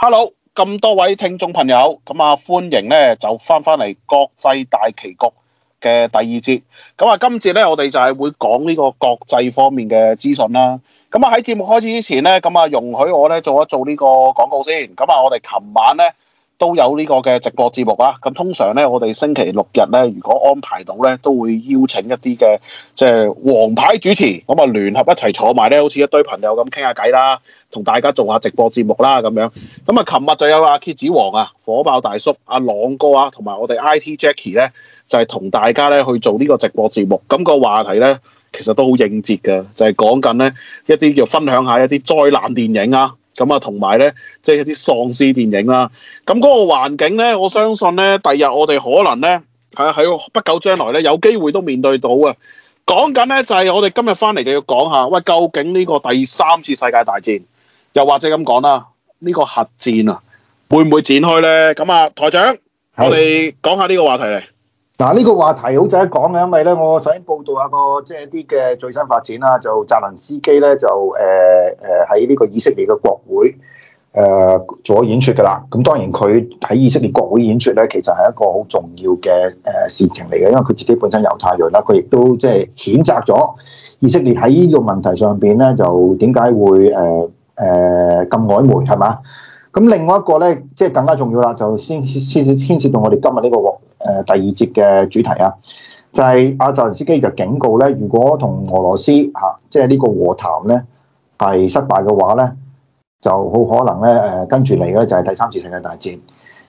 hello，咁多位聽眾朋友，咁啊歡迎咧就翻返嚟國際大棋局嘅第二節，咁啊今節咧我哋就係會講呢個國際方面嘅資訊啦，咁啊喺節目開始之前咧，咁啊容許我咧做一做呢個廣告先，咁啊我哋琴晚咧。都有呢個嘅直播節目啊。咁通常呢，我哋星期六日呢，如果安排到呢，都會邀請一啲嘅即係王牌主持，咁啊聯合一齊坐埋呢，好似一堆朋友咁傾下偈啦，同大家做下直播節目啦咁樣。咁啊，琴日就有阿、啊、蠍子王啊、火爆大叔、阿、啊、朗哥啊，同埋我哋 IT Jackie 呢，就係、是、同大家呢去做呢個直播節目。咁、那個話題呢，其實都好應節嘅，就係講緊呢，一啲叫分享一下一啲災難電影啊。咁啊，同埋咧，即係一啲喪屍電影啦。咁嗰個環境咧，我相信咧，第日我哋可能咧，喺喺不久將來咧，有機會都面對到啊。講緊咧，就係我哋今日翻嚟就要講下，喂，究竟呢個第三次世界大戰，又或者咁講啦，呢個核戰啊，會唔會展開咧？咁啊，台長，我哋講下呢個話題嚟。嗱，呢個話題好值得講嘅，因為咧，我想報道下個即係一啲嘅最新發展啦。就澤林斯基咧，就誒誒喺呢個以色列嘅國會誒、呃、做咗演出噶啦。咁當然佢喺以色列國會演出咧，其實係一個好重要嘅誒、呃、事情嚟嘅，因為佢自己本身猶太人啦，佢亦都即係譴責咗以色列喺呢個問題上邊咧，就點解會誒誒咁曖昧係嘛？咁、呃呃、另外一個咧，即係更加重要啦，就先先牽涉到我哋今日呢、這個。誒第二節嘅主題啊，就係澤連斯基就警告咧，如果同俄羅斯嚇即係呢個和談咧係失敗嘅話咧，就好可能咧誒、啊、跟住嚟嘅就係第三次世界大戰。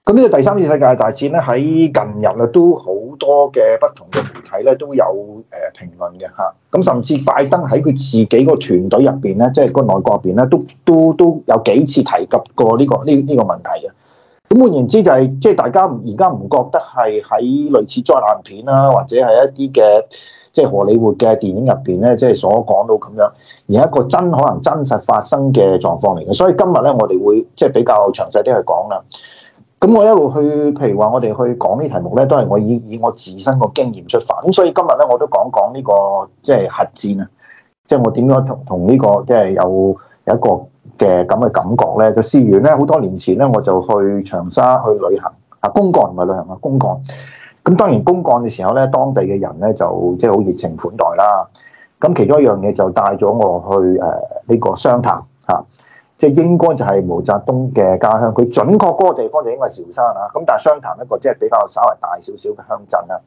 咁呢個第三次世界大戰咧，喺近日啊都好多嘅不同嘅媒體咧都有誒評論嘅嚇。咁、啊、甚至拜登喺佢自己個團隊入邊咧，即、就、係、是、個內閣入邊咧，都都都有幾次提及過呢、這個呢呢、這個這個問題嘅。咁換言之，就係即係大家而家唔覺得係喺類似災難片啦，或者係一啲嘅即係荷里活嘅電影入邊咧，即係所講到咁樣，而係一個真可能真實發生嘅狀況嚟嘅。所以今日咧，我哋會即係比較詳細啲去講啦。咁我一路去，譬如話我哋去講呢題目咧，都係我以以我自身嘅經驗出發。咁所以今日咧，我都講講呢個即係核戰啊，即係我點樣同同呢個即係有有一個嘅咁嘅感覺咧，就思源咧。好多年前咧，我就去長沙去旅行啊，公幹唔係旅行啊，公幹。咁當然公幹嘅時候咧，當地嘅人咧就即係好熱情款待啦。咁其中一樣嘢就帶咗我去誒呢、呃這個湘潭嚇，即、啊、係應該就係毛澤東嘅家鄉。佢準確嗰個地方就應該係韶山嚇。咁但係湘潭一個即係比較稍為大少少嘅鄉鎮啦。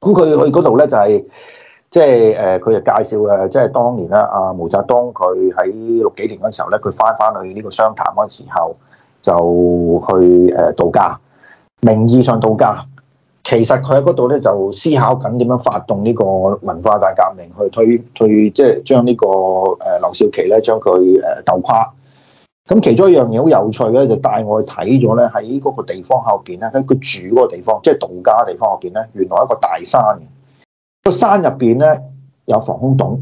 咁佢去嗰度咧就係、是。即係誒，佢就介紹嘅，即係當年咧、啊，阿毛澤東佢喺六幾年嗰時候咧，佢翻翻去呢個商談嗰時候，就去誒度假，名義上度假，其實佢喺嗰度咧就思考緊點樣發動呢個文化大革命，去推去即係將呢個誒劉少奇咧將佢誒鬥垮。咁其中一樣嘢好有趣嘅咧，就帶我去睇咗咧，喺嗰個地方後邊咧，喺佢住嗰個地方，即係度假地方後邊咧，原來一個大山。個山入邊咧有防空洞，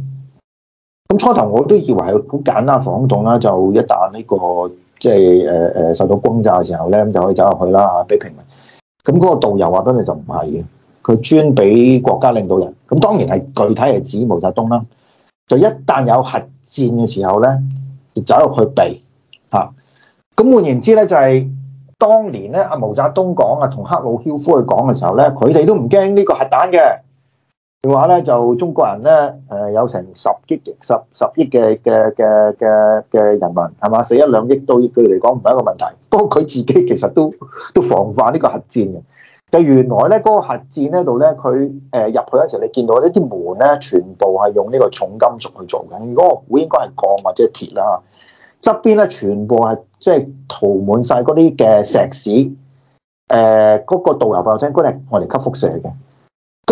咁初頭我都以為係好簡單防空洞啦，就一旦呢，這個即係誒誒受到轟炸嘅時候咧，咁就可以走入去啦，俾平民。咁嗰個導遊話，俾你就唔係嘅，佢專俾國家領導人。咁當然係具體係指毛澤東啦。就一旦有核戰嘅時候咧，就走入去避吓。咁、啊、換言之咧，就係、是、當年咧阿毛澤東講啊，同克魯曉夫去講嘅時候咧，佢哋都唔驚呢個核彈嘅。話咧就中國人咧，誒有成十億、十十億嘅嘅嘅嘅嘅人民，係嘛，死一兩億都，佢嚟講唔係一個問題。不過佢自己其實都都防範呢個核戰嘅。就原來咧嗰個核戰呢度咧，佢誒入去嗰陣時候，你見到呢啲門咧，全部係用呢個重金屬去做嘅。如果我估應該係鋼或者鐵啦。側邊咧全部係即係塗滿晒嗰啲嘅石屎。誒、呃，嗰、那個導遊爆聲嗰啲係用嚟吸輻射嘅。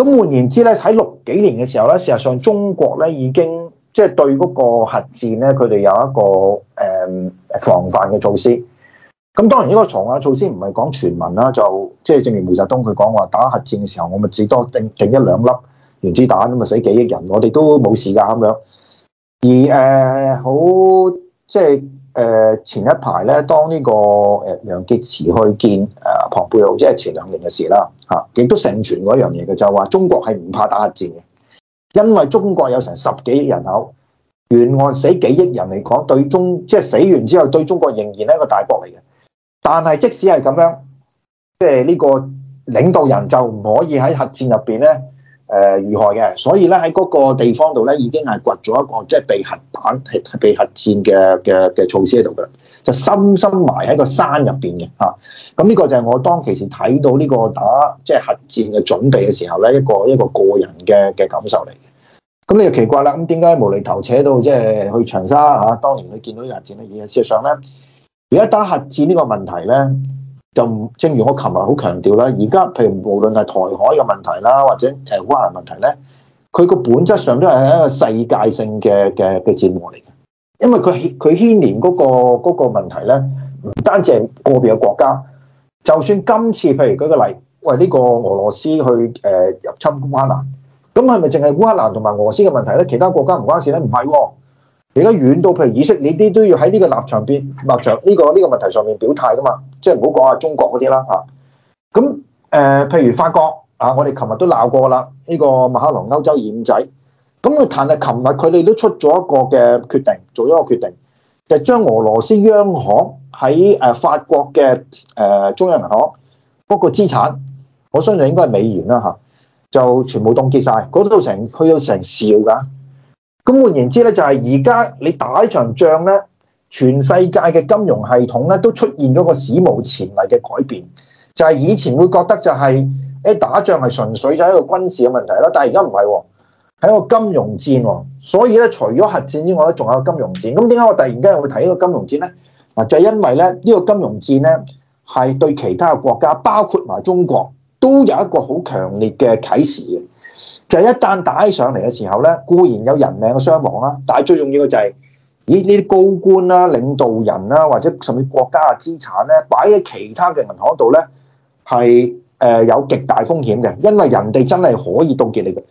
咁換言之咧，喺六幾年嘅時候咧，事實上中國咧已經即係對嗰個核戰咧，佢哋有一個誒、嗯、防範嘅措施。咁當然呢個防範、啊、措施唔係講全民啦、啊，就即係正如毛澤東佢講話，打核戰嘅時候，我咪至多掟掟一兩粒原子彈咁，咪死幾億人，我哋都冇事㗎咁樣。而誒好、呃、即係。誒前一排咧，當呢個誒楊潔篪去見誒蓬佩奧，即係前兩年嘅事啦，嚇，亦都盛傳嗰樣嘢嘅，就係話中國係唔怕打核戰嘅，因為中國有成十幾億人口，沿岸死幾億人嚟講，對中即係死完之後，對中國仍然係一個大國嚟嘅。但係即使係咁樣，即係呢個領導人就唔可以喺核戰入邊咧。誒遇、呃、害嘅，所以咧喺嗰個地方度咧已經係掘咗一個即係被核彈、被核戰嘅嘅嘅措施喺度㗎，就深深埋喺個山入邊嘅嚇。咁、啊、呢個就係我當其時睇到呢個打即係核戰嘅準備嘅時候咧，一個一個個人嘅嘅感受嚟嘅。咁你就奇怪啦，咁點解無厘頭扯到即係去長沙嚇、啊？當年佢見到呢個核戰咧嘢，事實上咧，而家打核戰呢個問題咧。就正如我琴日好強調啦，而家譬如無論係台海嘅問題啦，或者誒烏克蘭問題咧，佢個本質上都係一個世界性嘅嘅嘅節目嚟嘅。因為佢牽佢牽連嗰個嗰個問題咧，唔單止係個別嘅國家，就算今次譬如舉個例，喂呢個俄羅斯去誒入侵烏克蘭，咁係咪淨係烏克蘭同埋俄羅斯嘅問題咧？其他國家唔關事咧？唔係喎，而家遠到譬如以色列，呢啲都要喺呢個立場邊立場呢個呢個問題上面表態噶嘛。即係唔好講下中國嗰啲啦嚇。咁、啊、誒，譬、呃、如法國啊，我哋琴日都鬧過啦。呢、這個馬克龍歐洲二五仔，咁佢但係琴日佢哋都出咗一個嘅決定，做咗個決定，就將、是、俄羅斯央行喺誒法國嘅誒、呃、中央銀行嗰個資產，我相信應該係美元啦嚇、啊，就全部凍結晒。嗰都成去到成兆㗎。咁換言之咧，就係而家你打一場仗咧。全世界嘅金融系統咧都出現咗個史無前例嘅改變，就係以前會覺得就係誒打仗係純粹就係一個軍事嘅問題啦，但係而家唔係喎，係一個金融戰喎。所以咧，除咗核戰之外咧，仲有金融戰。咁點解我突然間又會提呢個金融戰呢？嗱，就係因為咧呢個金融戰呢，係對其他嘅國家，包括埋中國，都有一個好強烈嘅啟示嘅。就係一旦打起上嚟嘅時候呢，固然有人命嘅傷亡啦，但係最重要嘅就係。呢啲高官啦、啊、領導人啦、啊，或者甚至國家嘅資產咧，擺喺其他嘅銀行度咧，係誒、呃、有極大風險嘅，因為人哋真係可以凍結你嘅。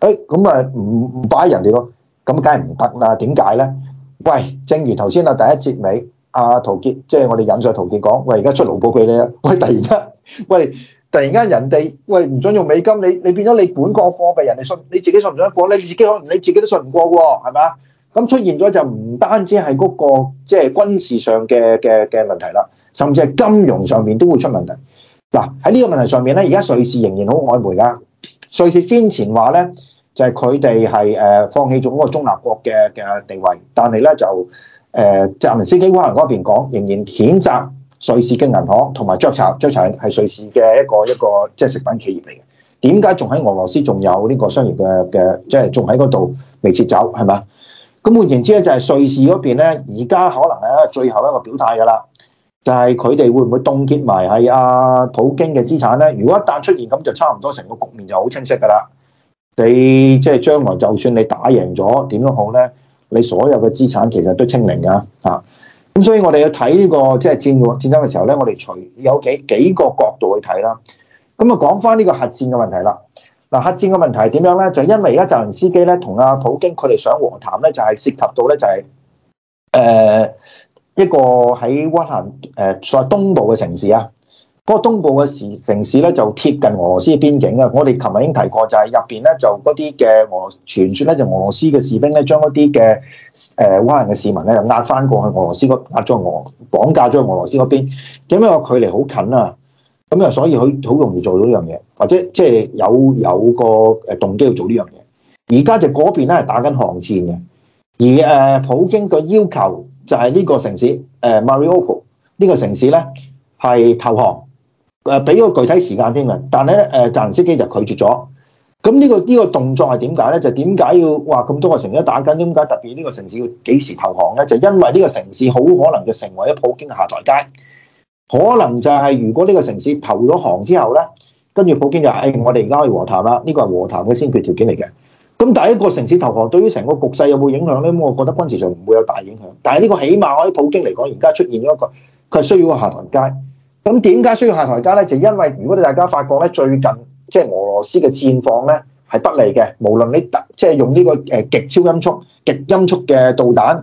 誒咁啊，唔唔擺人哋咯，咁梗係唔得啦。點解咧？喂，正如頭先啊，第一節尾阿、啊、陶傑，即、就、係、是、我哋引述陶傑講，喂而家出盧布俾你啊，喂突然間，喂突然間人哋，喂唔想用美金，你你變咗你本國貨幣，人哋信你自己信唔信得過？你自己可能你自己都信唔過喎，係咪啊？咁出現咗就唔單止係嗰、那個即係、就是、軍事上嘅嘅嘅問題啦，甚至係金融上面都會出問題。嗱，喺呢個問題上面咧，而家瑞士仍然好曖昧啦。瑞士先前話咧就係佢哋係誒放棄咗嗰個中立國嘅嘅地位，但係咧就誒澤、呃、連斯基烏克蘭嗰邊講，仍然譴責瑞士嘅銀行同埋雀巢，雀巢係瑞士嘅一個一個即係食品企業嚟嘅。點解仲喺俄羅斯仲有呢個商業嘅嘅，即係仲喺嗰度未撤走係嘛？咁換言之咧，就係瑞士嗰邊咧，而家可能係一個最後一個表態噶啦，就係佢哋會唔會凍結埋係阿普京嘅資產咧？如果一旦出現咁，就差唔多成個局面就好清晰噶啦。你即係、就是、將來就算你打贏咗，點都好咧，你所有嘅資產其實都清零噶嚇。咁、啊、所以我哋要睇呢、這個即係、就是、戰爭嘅時候咧，我哋除有幾幾個角度去睇啦。咁啊，講翻呢個核戰嘅問題啦。嗱，黑茲嘅問題係點樣咧？就是、因為而家澤連斯基咧同阿普京佢哋上和談咧，就係、是、涉及到咧就係、是、誒、呃、一個喺烏克蘭誒在、呃、東部嘅城市啊。嗰、那個東部嘅城市咧就貼近俄羅斯嘅邊境啊。我哋琴日已經提過就，就係入邊咧就嗰啲嘅俄羅傳説咧就俄羅斯嘅士兵咧將一啲嘅誒烏克蘭嘅市民咧就押翻過去俄羅斯嗰押咗俄綁架咗俄羅斯嗰邊，因為個距離好近啊。咁啊，所以佢好容易做到呢樣嘢，或者即係、就是、有有個誒動機要做呢樣嘢。而家就嗰邊咧係打緊航戰巷戰嘅，而誒普京嘅要求就係呢個城市誒 Mariupol 呢個城市咧係投降，誒俾個具體時間添嘅。但係咧誒澤林斯基就拒絕咗。咁呢、這個呢、這個動作係點解咧？就點、是、解要話咁多個城市打緊？點解特別呢個城市要幾時投降咧？就是、因為呢個城市好可能就成為咗普京下台階。可能就係如果呢個城市投咗航之後咧，跟住普京就誒、哎，我哋而家可以和談啦，呢、呢個係和談嘅先決條件嚟嘅。咁第一個城市投降對於成個局勢有冇影響咧？咁我覺得軍事上唔會有大影響。但係呢個起碼我喺普京嚟講，而家出現咗一個佢係需，需要個下台階。咁點解需要下台階咧？就因為如果你大家發覺咧，最近即係俄羅斯嘅戰況咧係不利嘅，無論你即係、就是、用呢個誒極超音速、極音速嘅導彈。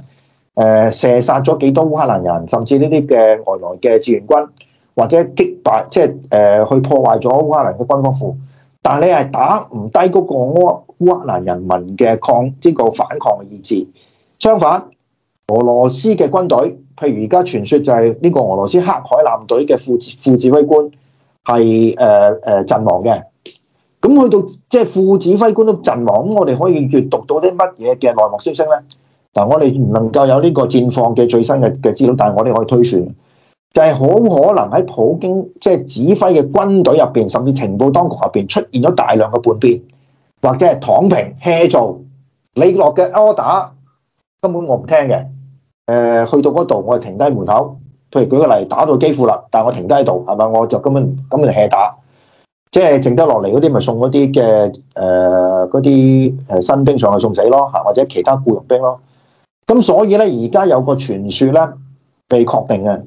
誒，射殺咗幾多烏克蘭人，甚至呢啲嘅外來嘅志願軍，或者擊敗，即係誒、呃、去破壞咗烏克蘭嘅軍方庫。但係你係打唔低嗰個烏克蘭人民嘅抗，呢、這個反抗意志。相反，俄羅斯嘅軍隊，譬如而家傳說就係呢個俄羅斯黑海艦隊嘅副副指揮官係誒誒陣亡嘅。咁去到即係、就是、副指揮官都陣亡，咁我哋可以閱讀到啲乜嘢嘅內幕消息咧？嗱，但我哋唔能夠有呢個戰況嘅最新嘅嘅資料，但係我哋可以推算，就係、是、好可能喺普京即係、就是、指揮嘅軍隊入邊，甚至情報當局入邊出現咗大量嘅叛變，或者係躺平、hea 做你落嘅 order 根本我唔聽嘅。誒、呃，去到嗰度我係停低門口，譬如舉個例，打到基乎啦，但係我停低喺度，係嘛？我就根本根本就 hea 打，即係剩得落嚟嗰啲咪送嗰啲嘅誒，啲、呃、誒新兵上去送死咯吓，或者其他雇傭兵咯。咁所以咧，而家有個傳説咧，被確定嘅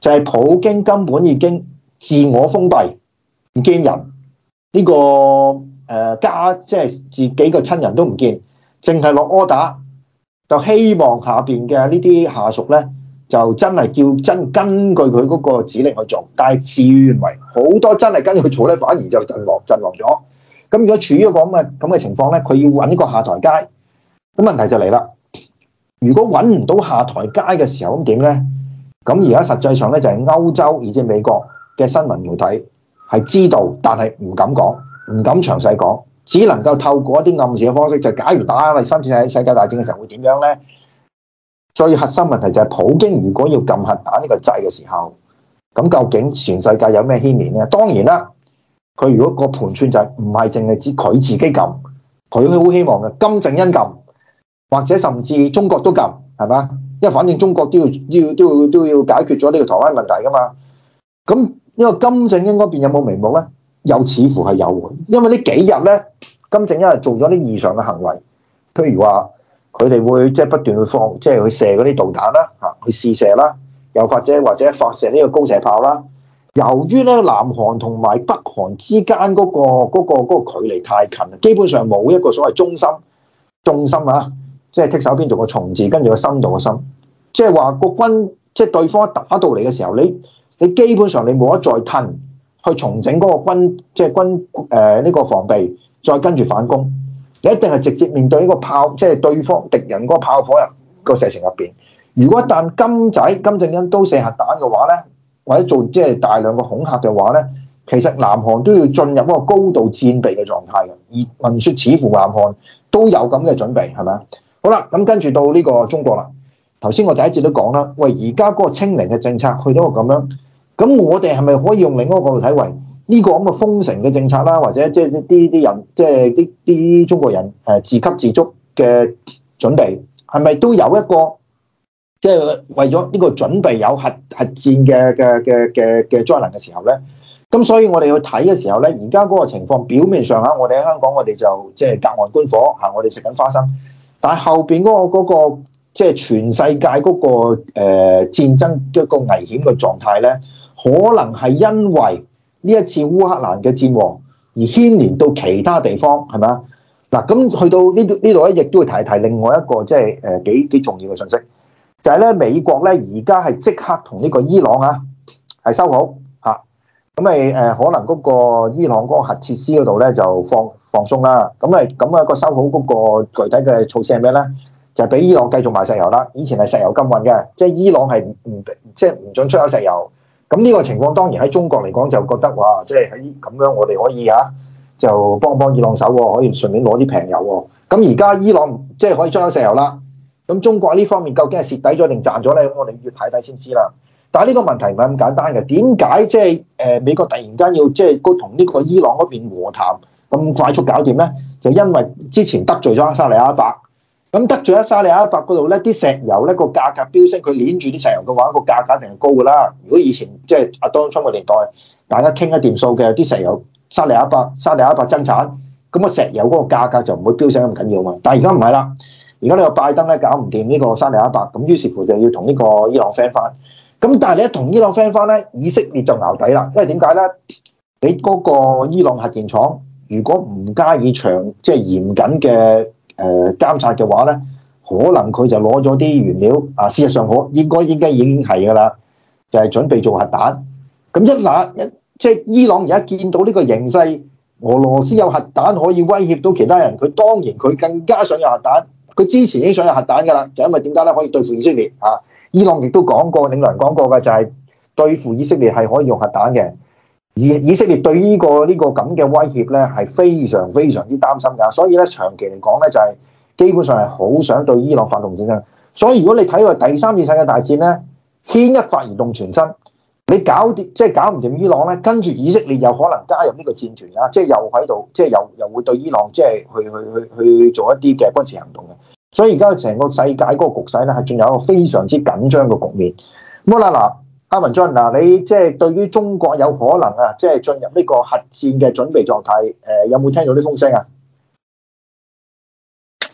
就係、是、普京根本已經自我封閉，唔見人呢、這個誒、呃、家，即係自己個親人都唔見，淨係落 order，就希望下邊嘅呢啲下屬咧，就真係叫真根據佢嗰個指令去做。但係自願為好多真係跟住佢做咧，反而就震落震落咗。咁如果處於一個咁嘅咁嘅情況咧，佢要搵個下台階，咁問題就嚟啦。如果揾唔到下台階嘅時候，咁點呢？咁而家實際上咧就係歐洲以及美國嘅新聞媒體係知道，但係唔敢講，唔敢詳細講，只能夠透過一啲暗示嘅方式，就是、假如打第三次世界大戰嘅時候會點樣呢？最核心問題就係普京如果要撳核彈呢個掣嘅時候，咁究竟全世界有咩牽連呢？當然啦，佢如果個盤串就唔係淨係指佢自己撳，佢好希望嘅金正恩撳。或者甚至中國都禁，係嘛？因為反正中國都要、要、都要、都要解決咗呢個台灣問題噶嘛。咁呢個金正恩嗰邊有冇眉目呢？又似乎係有，因為呢幾日呢，金正恩係做咗啲異常嘅行為，譬如話佢哋會即係不斷去放，即係去射嗰啲導彈啦，吓去試射啦，又或者或者發射呢個高射炮啦。由於呢南韓同埋北韓之間嗰個嗰個嗰個嗰個距離太近，基本上冇一個所謂中心，中心啊。即係剔手邊做個重字，跟住個深度，個深。即係話個軍，即係對方打到嚟嘅時候，你你基本上你冇得再褪去重整嗰個軍，即係軍誒呢、呃呢個防備，再跟住反攻。你一定係直接面對呢個炮，即係對方敵人嗰個炮火入個射程入邊。如果一旦金仔金正恩都射核彈嘅話咧，或者做即係大量嘅恐嚇嘅話咧，其實南韓都要進入一個高度戰備嘅狀態嘅。而聞説似乎南韓都有咁嘅準備，係咪啊？好啦，咁跟住到呢個中國啦。頭先我第一節都講啦，喂，而家嗰個清零嘅政策去到咁樣，咁我哋係咪可以用另一個去睇為呢個咁嘅封城嘅政策啦，或者即係啲啲人，即係啲啲中國人誒、呃、自給自足嘅準備，係咪都有一個即係、就是、為咗呢個準備有核核戰嘅嘅嘅嘅嘅災難嘅時候咧？咁所以我哋去睇嘅時候咧，而家嗰個情況表面上啊，我哋喺香港，我哋就即係隔岸觀火嚇，我哋食緊花生。但係後邊嗰、那個即係、那個就是、全世界嗰、那個誒、呃、戰爭嘅一個危險嘅狀態咧，可能係因為呢一次烏克蘭嘅戰禍而牽連到其他地方，係咪啊？嗱，咁去到呢度呢度咧，亦都會提提另外一個即係誒幾幾重要嘅信息，就係、是、咧美國咧而家係即刻同呢個伊朗啊係修好。咁咪誒，可能嗰個伊朗嗰個核設施嗰度咧就放放鬆啦。咁咪咁啊，一個修好嗰個具體嘅措施係咩咧？就俾、是、伊朗繼續賣石油啦。以前係石油禁運嘅，即、就、係、是、伊朗係唔即係唔准出口石油。咁呢個情況當然喺中國嚟講就覺得哇，即係咁樣我哋可以啊，就幫幫伊朗手喎，可以順便攞啲平油喎。咁而家伊朗即係、就是、可以出口石油啦。咁中國呢方面究竟係蝕底咗定賺咗咧？我哋要睇睇先知啦。但係呢個問題唔係咁簡單嘅，點解即係誒美國突然間要即係同呢個伊朗嗰邊和談咁快速搞掂咧？就因為之前得罪咗沙利亞伯，咁得罪咗沙利亞伯嗰度咧，啲石油咧個價格飆升，佢攣住啲石油嘅話，個價格一定係高噶啦。如果以前即係阿當初嘅年代，大家傾一掂數嘅，啲石油沙利亞伯、沙利亞伯增產，咁個石油嗰個價格就唔會飆升咁緊要嘛。但係而家唔係啦，而家呢個拜登咧搞唔掂呢個沙利亞伯，咁於是乎就要同呢個伊朗 friend 翻。咁但係你一同伊朗 friend 翻咧，以色列就淆底啦。因為點解咧？你嗰個伊朗核電廠，如果唔加以長即係、就是、嚴謹嘅誒監察嘅話咧，可能佢就攞咗啲原料啊。事實上可應該應該已經係㗎喇，就係、是、準備做核彈。咁一嗱，一即係伊朗而家見到呢個形勢，俄羅斯有核彈可以威脅到其他人，佢當然佢更加想有核彈。佢之前已經想有核彈㗎喇，就因為點解咧？可以對付以色列啊！伊朗亦都講過，領導人講過嘅就係、是、對付以色列係可以用核彈嘅，而以色列對呢、這個呢、這個咁嘅威脅咧係非常非常之擔心㗎，所以咧長期嚟講咧就係、是、基本上係好想對伊朗發動戰爭，所以如果你睇話第三次世界大戰咧，牽一發而動全身，你搞掂即係搞唔掂伊朗咧，跟住以色列又可能加入呢個戰團啊，即係又喺度即係又又會對伊朗即係去去去去做一啲嘅軍事行動嘅。所以而家成個世界嗰個局勢咧，係仲有一個非常之緊張嘅局面。咁好啦，阿文進，嗱，你即係對於中國有可能啊，即係進入呢個核戰嘅準備狀態，誒，有冇聽到啲風聲啊？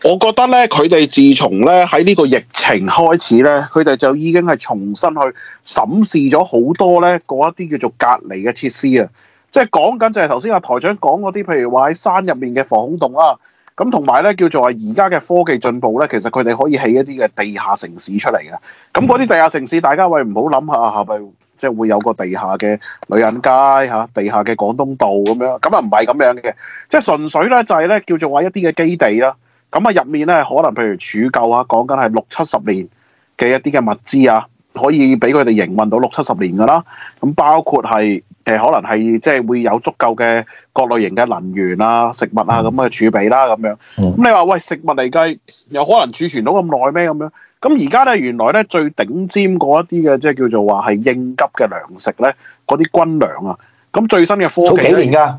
我覺得咧，佢哋自從咧喺呢個疫情開始咧，佢哋就已經係重新去審視咗好多咧嗰一啲叫做隔離嘅設施啊。即係講緊就係頭先阿台長講嗰啲，譬如話喺山入面嘅防空洞啊。咁同埋咧，叫做話而家嘅科技進步咧，其實佢哋可以起一啲嘅地下城市出嚟嘅。咁嗰啲地下城市，大家喂唔好諗下，係咪即係會有個地下嘅女人街嚇、啊、地下嘅廣東道咁樣？咁啊唔係咁樣嘅，即係純粹咧就係咧叫做話一啲嘅基地啦。咁啊入面咧可能譬如儲夠啊，講緊係六七十年嘅一啲嘅物資啊。可以俾佢哋營運到六七十年噶啦，咁包括係誒、呃、可能係即係會有足夠嘅各類型嘅能源啊、食物啊咁嘅儲備啦、啊，咁樣。咁、嗯、你話喂食物嚟計，有可能儲存到咁耐咩？咁樣，咁而家咧，原來咧最頂尖嗰一啲嘅，即係叫做話係應急嘅糧食咧，嗰啲軍糧啊，咁最新嘅科技早幾年㗎，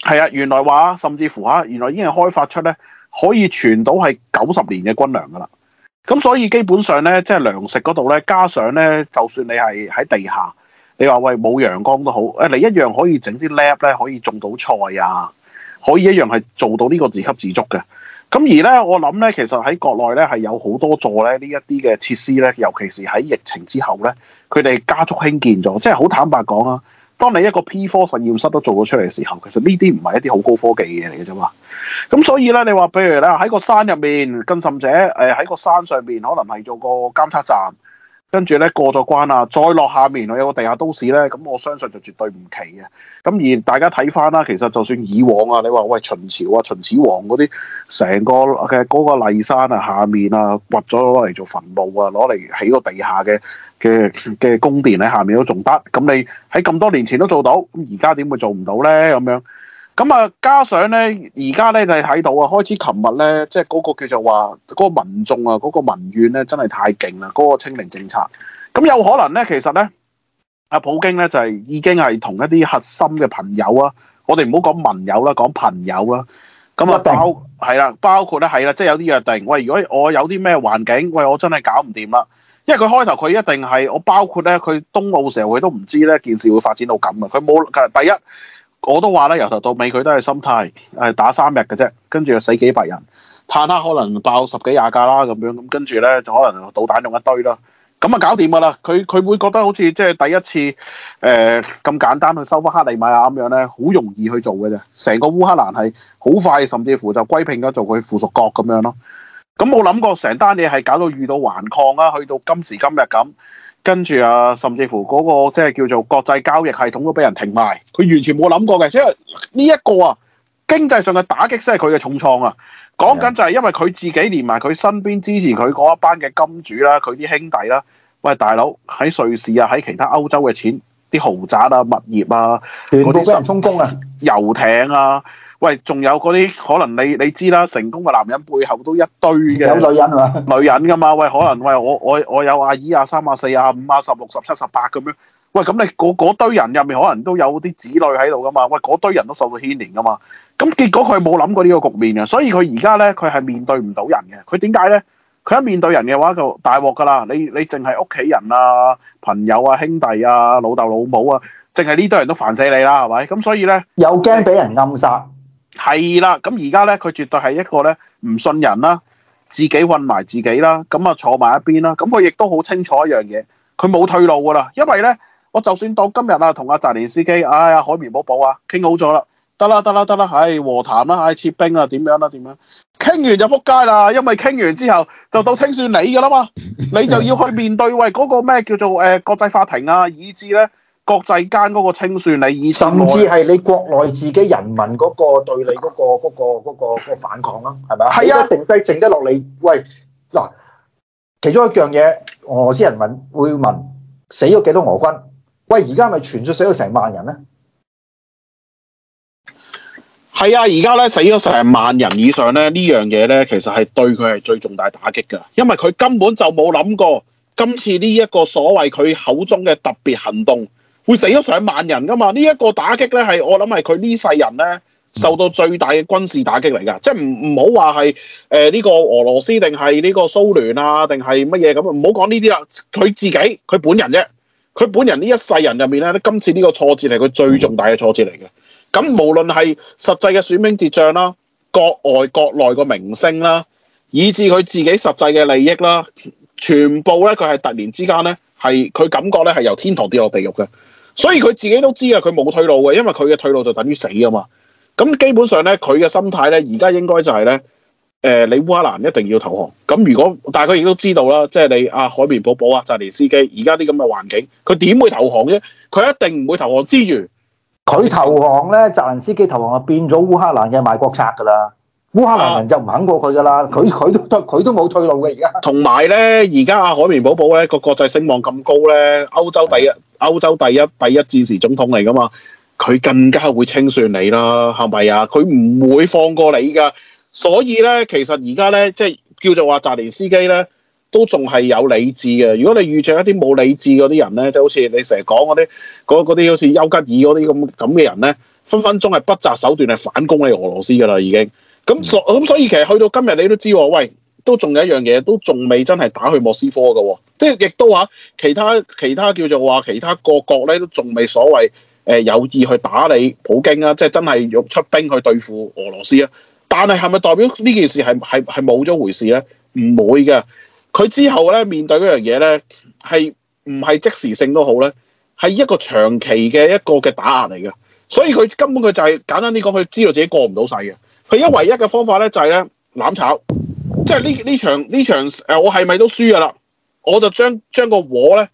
係啊，原來話甚至乎嚇原來已經係開發出咧可以傳到係九十年嘅軍糧噶啦。咁所以基本上咧，即係糧食嗰度咧，加上咧，就算你係喺地下，你話喂冇陽光都好，誒，你一樣可以整啲 lab 咧，可以種到菜啊，可以一樣係做到呢個自給自足嘅。咁而咧，我諗咧，其實喺國內咧係有好多座咧呢一啲嘅設施咧，尤其是喺疫情之後咧，佢哋加速興建咗，即係好坦白講啊。當你一個 P4 實驗室都做咗出嚟嘅時候，其實呢啲唔係一啲好高科技嘅嘢嚟嘅啫嘛。咁所以咧，你話譬如咧喺個山入面更甚者，誒喺個山上邊可能係做個監測站，跟住咧過咗關啊，再落下，下面有個地下都市咧，咁我相信就絕對唔奇嘅。咁而大家睇翻啦，其實就算以往啊，你話喂秦朝啊、秦始皇嗰啲，成個嘅嗰個驪山啊下面啊掘咗嚟做墳墓啊，攞嚟起個地下嘅。嘅嘅供電喺下面都仲得，咁你喺咁多年前都做到，咁而家點會做唔到咧？咁樣咁啊，加上咧，而家咧你睇到啊，開始琴日咧，即係嗰個叫做話嗰個民眾啊，嗰個民怨咧真係太勁啦，嗰個清零政策，咁有可能咧，其實咧，阿普京咧就係已經係同一啲核心嘅朋友啊，我哋唔好講盟友啦，講朋友啦，咁啊包係啦定，包括咧係啦，即係有啲約定，喂，如果我有啲咩環境，喂，我真係搞唔掂啦。因為佢開頭佢一定係我包括咧，佢東澳社會都唔知咧件事會發展到咁啊！佢冇第一，我都話咧由頭到尾佢都係心態係、呃、打三日嘅啫，跟住就死幾百人，坦克可能爆十幾廿架啦咁樣，咁跟住咧就可能導彈用一堆啦，咁啊搞掂㗎啦！佢佢會覺得好似即係第一次誒咁、呃、簡單去收翻克里米亞咁樣咧，好容易去做嘅啫！成個烏克蘭係好快甚至乎就歸並咗做佢附屬國咁樣咯。咁我冇諗過成單嘢係搞到遇到環控啊，去到今時今日咁，跟住啊，甚至乎嗰個即係叫做國際交易系統都俾人停埋，佢完全冇諗過嘅，因為呢一個啊經濟上嘅打擊即係佢嘅重創啊。講緊就係因為佢自己連埋佢身邊支持佢嗰一班嘅金主啦、啊，佢啲兄弟啦、啊，喂大佬喺瑞士啊，喺其他歐洲嘅錢，啲豪宅啊、物業啊，全部俾人充公啊，遊艇啊。喂，仲有嗰啲可能你你知啦，成功嘅男人背後都一堆嘅有女人啊，女人噶嘛？喂，可能喂我我我有阿姨啊，三啊四啊五啊十六、十七、十八咁樣。喂，咁你嗰堆人入面可能都有啲子女喺度噶嘛？喂，嗰堆人都受到牽連噶嘛？咁結果佢冇諗過呢個局面嘅，所以佢而家咧佢係面對唔到人嘅。佢點解咧？佢一面對人嘅話就大鑊噶啦。你你淨係屋企人啊、朋友啊、兄弟啊、老豆老母啊，淨係呢堆人都煩死你啦，係咪？咁所以咧，有驚俾人暗殺。係啦，咁而家咧，佢絕對係一個咧唔信人啦，自己混埋自己啦，咁啊坐埋一邊啦，咁佢亦都好清楚一樣嘢，佢冇退路噶啦，因為咧，我就算到今日啊，同阿澤連斯基、阿、哎、海綿寶寶啊傾好咗啦，得啦得啦得啦，唉和談啦，唉、哎、撤兵啊，點樣啦點樣，傾完就仆街啦，因為傾完之後就到清算你噶啦嘛，你就要去面對喂嗰個咩叫做誒國際法庭啊，以至咧。國際間嗰個清算你意，甚至係你國內自己人民嗰個對你嗰個嗰個嗰個嗰個反抗啦，係咪啊？係啊，定製剩得落嚟，喂嗱，其中一樣嘢，俄羅斯人民會問死咗幾多俄軍？喂，而家咪傳咗死咗成萬人咧？係啊，而家咧死咗成萬人以上咧，樣呢樣嘢咧其實係對佢係最重大打擊㗎，因為佢根本就冇諗過今次呢一個所謂佢口中嘅特別行動。會死咗上萬人噶嘛？呢、這、一個打擊咧，係我諗係佢呢世人咧受到最大嘅軍事打擊嚟噶。即係唔唔好話係誒呢個俄羅斯定係呢個蘇聯啊，定係乜嘢咁，唔好講呢啲啦，佢自己佢本人啫，佢本人呢一世人入面咧，今次呢個挫折係佢最重大嘅挫折嚟嘅。咁、嗯、無論係實際嘅選兵接仗啦，國外國內個名聲啦，以至佢自己實際嘅利益啦，全部咧佢係突然之間咧係佢感覺咧係由天堂跌落地獄嘅。所以佢自己都知啊，佢冇退路嘅，因為佢嘅退路就等於死啊嘛。咁基本上咧，佢嘅心態咧，而家應該就係、是、咧，誒、呃，你烏克蘭一定要投降。咁如果，大家亦都知道啦，即係你啊，海綿寶寶啊，澤連斯基，而家啲咁嘅環境，佢點會投降啫？佢一定唔會投降。之餘，佢投降咧，澤連斯基投降啊，變咗烏克蘭嘅賣國賊㗎啦。烏克蘭人就唔肯過佢噶啦，佢佢都佢都冇退路嘅，而家。同埋咧，而家阿海綿寶寶咧個國際聲望咁高咧，歐洲第一、的歐洲第一、第一戰時總統嚟噶嘛，佢更加會清算你啦，係咪啊？佢唔會放過你噶，所以咧，其實而家咧即係叫做話澤連斯基咧，都仲係有理智嘅。如果你遇着一啲冇理智嗰啲人咧，就好似你成日講嗰啲嗰啲好似丘吉爾嗰啲咁咁嘅人咧，分分鐘係不擇手段係反攻你俄羅斯噶啦，已經。咁所咁所以其實去到今日你都知喎，喂，都仲有一樣嘢，都仲未真係打去莫斯科嘅喎，即係亦都話其他其他叫做話其他個國咧都仲未所謂誒、呃、有意去打你普京啊，即、就、係、是、真係要出兵去對付俄羅斯啊。但係係咪代表呢件事係係係冇咗回事咧？唔會嘅，佢之後咧面對嗰樣嘢咧係唔係即時性都好咧，係一個長期嘅一個嘅打壓嚟嘅，所以佢根本佢就係、是、簡單啲講，佢知道自己過唔到世嘅。佢一唯一嘅方法咧就係、是、咧攬炒，即係呢呢場呢場誒、呃、我係咪都輸噶啦？我就將將個鑊咧，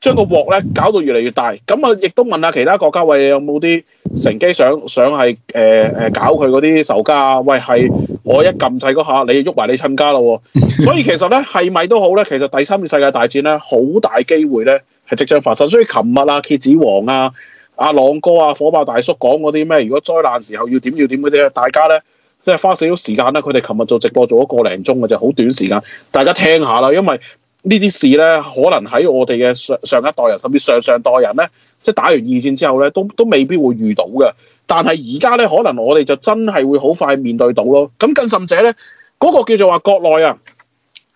將個鑊咧搞到越嚟越大。咁啊，亦都問下其他國家，喂，有冇啲乘機想想係誒誒搞佢嗰啲仇家啊？喂，係我一撳掣嗰下，你喐埋你親家啦喎、哦！所以其實咧係咪都好咧？其實第三次世界大戰咧好大機會咧係即將發生。所以琴日啊，蠍子王啊、阿、啊、朗哥啊、火爆大叔講嗰啲咩？如果災難時候要點要點嗰啲咧，大家咧～即係花少少時間啦，佢哋琴日做直播做咗個零鐘嘅，就好短時間。大家聽下啦，因為呢啲事咧，可能喺我哋嘅上上一代人，甚至上上代人咧，即係打完二戰之後咧，都都未必會遇到嘅。但係而家咧，可能我哋就真係會好快面對到咯。咁更甚者咧，嗰、那個叫做話國內啊，誒、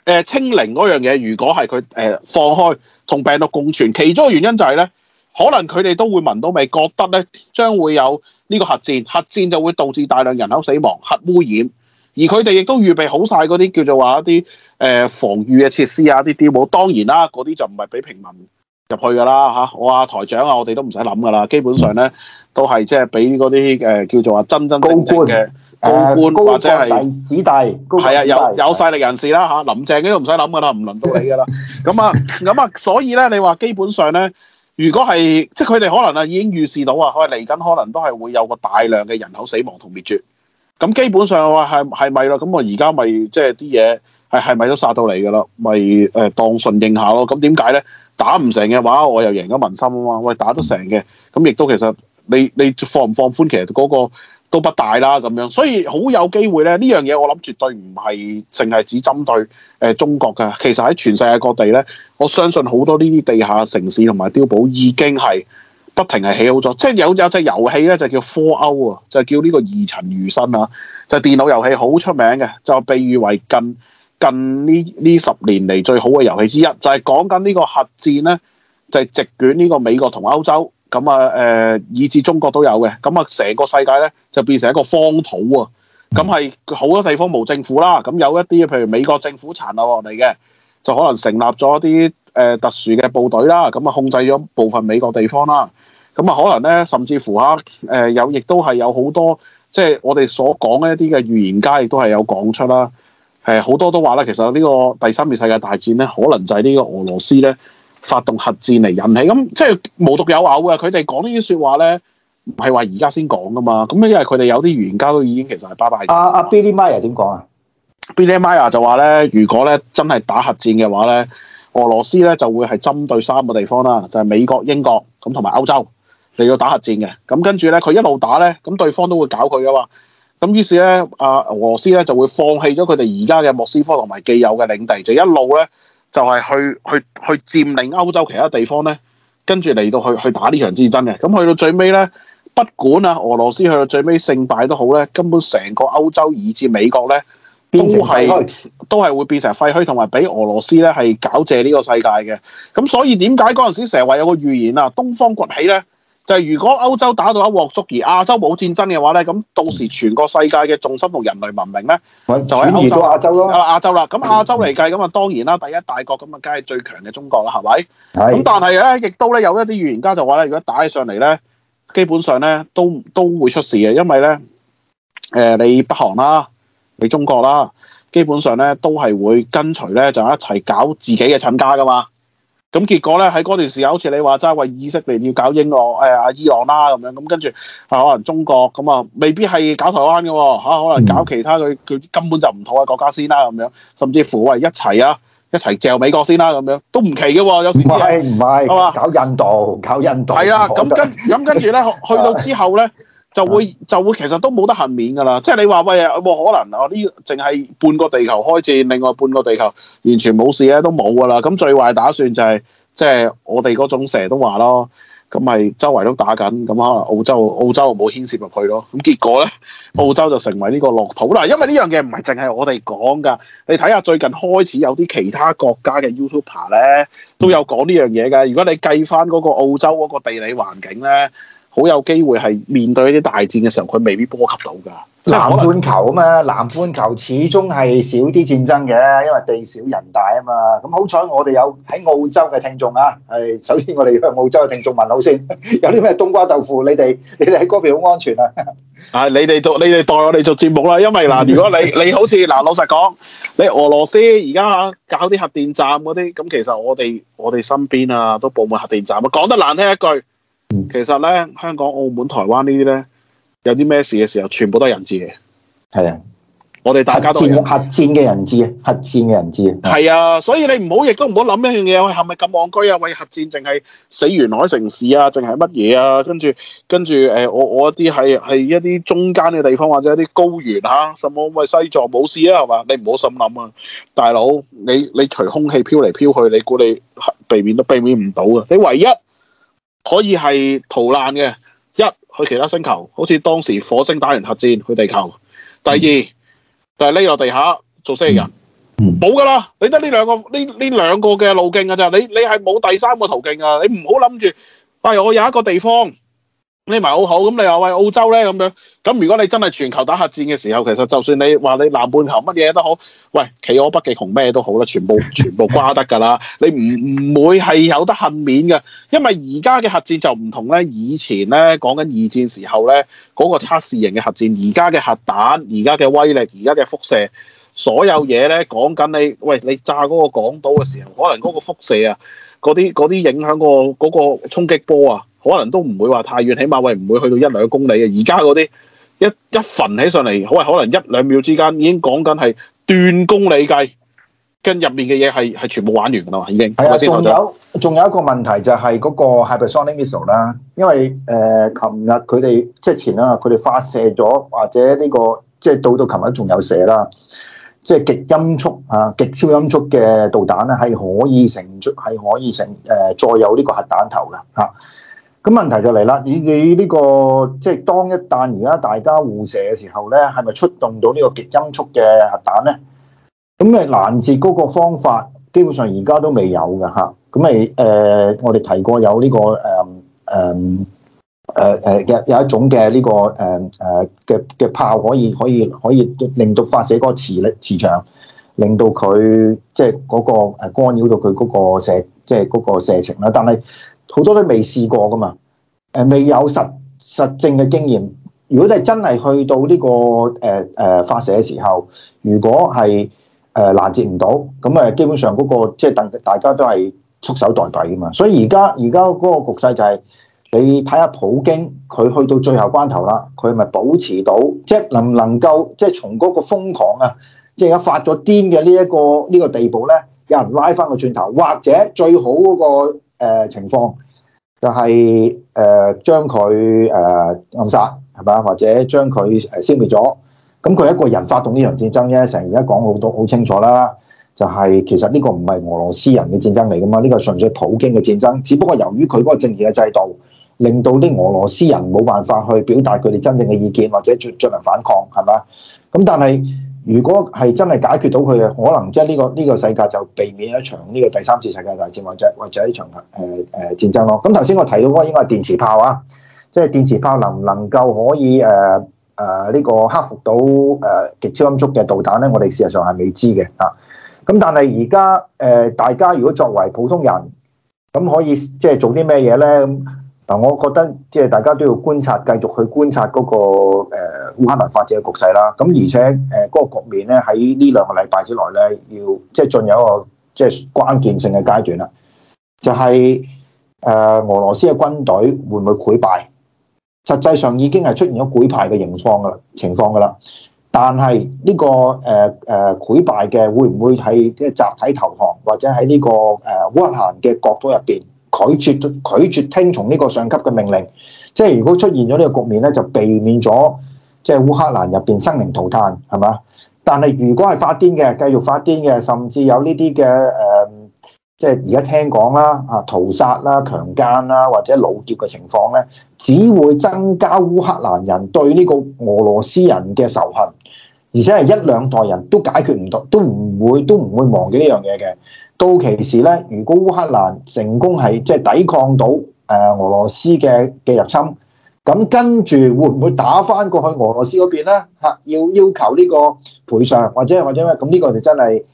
呃、清零嗰樣嘢，如果係佢誒放開同病毒共存，其中嘅原因就係咧，可能佢哋都會聞到味，覺得咧將會有。呢個核戰，核戰就會導致大量人口死亡、核污染，而佢哋亦都預備好晒嗰啲叫做話一啲誒防禦嘅設施啊，啲碉堡當然啦，嗰啲就唔係俾平民入去噶啦嚇。我話台長啊，我哋都唔使諗噶啦，基本上咧都係即係俾嗰啲誒叫做話真真正正嘅高官或者係子弟，係啊，有有勢力人士啦嚇，林鄭都唔使諗噶啦，唔輪到你噶啦。咁啊咁啊，所以咧，你話基本上咧。如果係即係佢哋可能啊已經預示到啊，佢嚟緊可能都係會有個大量嘅人口死亡同滅絕。咁基本上話係係咪咯？咁我而家咪即係啲嘢係係咪都殺到你㗎啦？咪誒、呃、當順應下咯。咁點解咧？打唔成嘅話，我又贏咗民心啊嘛。喂，打得成嘅咁，亦都其實你你放唔放寬，其實嗰、嗰個。都不大啦，咁樣，所以好有機會咧。呢樣嘢我諗絕對唔係淨係只針對誒、呃、中國嘅，其實喺全世界各地咧，我相信好多呢啲地下城市同埋碉堡已經係不停係起好咗。即係有有隻遊戲咧就叫《科歐》啊，就叫呢個《異塵餘生》啊，就是、電腦遊戲好出名嘅，就被譽為近近呢呢十年嚟，最好嘅遊戲之一。就係講緊呢個核戰咧，就係、是、席捲呢個美國同歐洲。咁啊，誒、呃，以至中國都有嘅，咁啊，成個世界咧就變成一個荒土啊！咁係好多地方冇政府啦，咁有一啲譬如美國政府殘留落嚟嘅，就可能成立咗一啲誒、呃、特殊嘅部隊啦，咁、嗯、啊控制咗部分美國地方啦，咁啊可能咧，甚至乎吓誒、呃、有，亦都係有好多，即、就、係、是、我哋所講一啲嘅預言家，亦都係有講出啦。誒、呃、好多都話啦，其實呢個第三次世界大戰咧，可能就係呢個俄羅斯咧。發動核戰嚟引起咁，即係無獨有偶啊！佢哋講呢啲説話咧，唔係話而家先講噶嘛。咁因為佢哋有啲原家都已經其實係拜拜。阿阿 Billy Mayer 點講啊？Billy Mayer、啊、就話咧，如果咧真係打核戰嘅話咧，俄羅斯咧就會係針對三個地方啦，就係、是、美國、英國咁同埋歐洲嚟到打核戰嘅。咁跟住咧，佢一路打咧，咁對方都會搞佢噶嘛。咁於是咧，阿、啊、俄羅斯咧就會放棄咗佢哋而家嘅莫斯科同埋既有嘅領地，就一路咧。就係去去去佔領歐洲其他地方咧，跟住嚟到去去打呢場戰爭嘅。咁去到最尾咧，不管啊俄羅斯去到最尾勝敗都好咧，根本成個歐洲以至美國咧，都係都係會變成廢墟，同埋俾俄羅斯咧係搞謝呢個世界嘅。咁所以點解嗰陣時成日話有個預言啊？東方崛起咧。就係如果歐洲打到一鑊足而亞洲冇戰爭嘅話咧，咁到時全個世界嘅重心同人類文明咧，喂就喺歐洲移到亞洲咯、啊，亞洲啦。咁、嗯、亞洲嚟計咁啊，當然啦，第一大國咁啊，梗係最強嘅中國啦，係咪？咁是但係咧，亦都咧有一啲預言家就話咧，如果打起上嚟咧，基本上咧都都會出事嘅，因為咧，誒、呃、你北韓啦，你中國啦，基本上咧都係會跟隨咧就一齊搞自己嘅親家噶嘛。咁結果咧喺嗰段時間，好似你話齋為以色列要搞英國，誒、阿、哎、伊朗啦咁樣，咁跟住啊可能中國咁啊，未必係搞台灣嘅，吓可能搞其他佢佢根本就唔妥嘅國家先啦、啊、咁樣，甚至乎喂一齊啊一齊嚼美國先啦、啊、咁樣都唔奇嘅，有時唔係唔係係嘛？搞印度搞印度係啦，咁、嗯、可跟咁跟住咧去到之後咧。 就會就會其實都冇得幸免㗎啦，即係你話喂有冇可能啊？呢淨係半個地球開戰，另外半個地球完全冇事咧，都冇㗎啦。咁最壞打算就係、是、即係我哋嗰種成日都話咯，咁咪周圍都打緊，咁可能澳洲澳洲冇牽涉入去咯。咁結果咧，澳洲就成為呢個樂土啦。因為呢樣嘢唔係淨係我哋講㗎，你睇下最近開始有啲其他國家嘅 YouTuber 咧都有講呢樣嘢㗎。如果你計翻嗰個澳洲嗰個地理環境咧。好有機會係面對一啲大戰嘅時候，佢未必波及到㗎。南半球啊嘛，南半球始終係少啲戰爭嘅，因為地少人大啊嘛。咁好彩我哋有喺澳洲嘅聽眾啊，係、哎、首先我哋向澳洲嘅聽眾問好先。有啲咩冬瓜豆腐？你哋你哋喺嗰邊好安全啊？啊，你哋做你哋代我哋做節目啦。因為嗱、呃，如果你你好似嗱， 老實講，你俄羅斯而家搞啲核電站嗰啲，咁其實我哋我哋身邊啊都佈滿核電站啊。講得難聽一句。其實咧，香港、澳門、台灣呢啲咧，有啲咩事嘅時候，全部都係人質嘅。係啊，我哋大家都核戰嘅人質啊，核戰嘅人質。係啊，所以你唔好亦都唔好諗一樣嘢，喂，係咪咁戇居啊？喂，核戰淨係死沿海城市啊，淨係乜嘢啊？跟住跟住，誒、欸，我我一啲係係一啲中間嘅地方或者一啲高原啊，什麼喂西藏冇事啊，係嘛？你唔好心諗啊，大佬，你你隨空氣飄嚟飄去，你估你避免都避免唔到啊。你唯一可以係逃難嘅，一去其他星球，好似當時火星打完核戰去地球；第二就係匿落地下做蜥蜴人，冇噶啦，你得呢兩個呢呢兩個嘅路徑噶咋？你你係冇第三個途徑噶，你唔好諗住，例、哎、我有一個地方。你唔係好好咁，你話喂澳洲咧咁樣，咁如果你真係全球打核戰嘅時候，其實就算你話你南半球乜嘢都好，喂企鵝北極熊咩都好啦，全部全部瓜得噶啦，你唔唔會係有得幸免噶，因為而家嘅核戰就唔同咧，以前咧講緊二戰時候咧嗰、嗰個測試型嘅核戰，而家嘅核彈，而家嘅威力，而家嘅輻射，所有嘢咧講緊你喂你炸嗰個港島嘅時候，可能嗰個輻射啊，嗰啲啲影響個嗰個衝擊波啊。可能都唔會話太遠，起碼喂唔會去到一兩公里嘅。而家嗰啲一一焚起上嚟，好可能一兩秒之間已經講緊係段公里計，跟入面嘅嘢係係全部玩完噶啦，已經。係啊，仲有仲想有一個問題就係嗰個 hypersonic missile 啦，因為誒琴日佢哋即係前兩日佢哋發射咗或者呢、呢個即係到到琴日仲有射啦，即係極音速啊、極超音速嘅導彈咧，係可以成，出係可以成，誒載、呃、有呢個核彈頭嘅嚇。啊。咁問題就嚟啦，你你、這、呢個即係、就是、當一旦而家大家互射嘅時候咧，係咪出動到呢個極音速嘅核彈咧？咁你攔截嗰個方法，基本上而家都未有㗎吓。咁咪誒，我哋提過有呢、這個誒誒誒誒有有一種嘅呢、這個誒誒嘅嘅炮可以可以可以令到發射嗰個磁力磁場，令到佢即係嗰個誒干擾到佢嗰個射即係嗰個射程啦。但係，好多都未試過噶嘛，誒、呃、未有實實證嘅經驗。如果你係真係去到呢、這個誒誒、呃呃、發射嘅時候，如果係誒、呃、攔截唔到，咁誒基本上嗰、那個、即係大大家都係束手待斃噶嘛。所以而家而家嗰個局勢就係、是、你睇下普京，佢去到最後關頭啦，佢咪保持到，即係能唔能夠即係從嗰個瘋狂啊，即係而家發咗癲嘅呢一個呢、這個地步咧，有人拉翻個轉頭，或者最好嗰、那個、呃、情況。就係誒將佢誒、呃、暗殺係嘛，或者將佢誒、呃、消滅咗。咁、嗯、佢一個人發動呢場戰爭啫。成日而家講好多好清楚啦。就係、是、其實呢個唔係俄羅斯人嘅戰爭嚟噶嘛，呢個純粹普京嘅戰爭。只不過由於佢嗰個政治嘅制度，令到啲俄羅斯人冇辦法去表達佢哋真正嘅意見，或者進進行反抗係嘛。咁、嗯、但係。如果係真係解決到佢嘅，可能即係呢個呢個世界就避免一場呢個第三次世界大戰，或者或者一場誒誒戰爭咯。咁頭先我提到應該係電磁炮啊，即係電磁炮能唔能夠可以誒誒呢個克服到誒極超音速嘅導彈咧？我哋事實上係未知嘅啊。咁但係而家誒大家如果作為普通人，咁可以即係做啲咩嘢咧？嗱，我覺得即係大家都要觀察，繼續去觀察嗰個誒烏克蘭發展嘅局勢啦，咁而且誒嗰、呃嗰個局面咧喺呢兩個禮拜之內咧，要即係進入一個即係關鍵性嘅階段啦。就係、是、誒、呃、俄羅斯嘅軍隊會唔會潰敗？實際上已經係出現咗潰、呢個呃、潰敗嘅情況噶啦，情況噶啦。但係呢個誒誒潰敗嘅會唔會喺即係集體投降，或者喺呢個誒烏克蘭嘅國土入邊拒絕拒絕聽從呢個上級嘅命令？即係如果出現咗呢個局面咧，就避免咗。即係烏克蘭入邊生靈塗炭，係嘛？但係如果係發癲嘅，繼續發癲嘅，甚至有呢啲嘅誒，即係而家聽講啦，啊屠殺啦、強姦啦或者老劫嘅情況咧，只會增加烏克蘭人對呢個俄羅斯人嘅仇恨，而且係一兩代人都解決唔到，都唔會都唔會忘記呢樣嘢嘅。到其時咧，如果烏克蘭成功係即係抵抗到誒俄羅斯嘅嘅入侵。咁跟住會唔會打翻過去俄羅斯嗰邊咧？吓，要要求呢個賠償，或者或者咩？咁、這、呢個就真係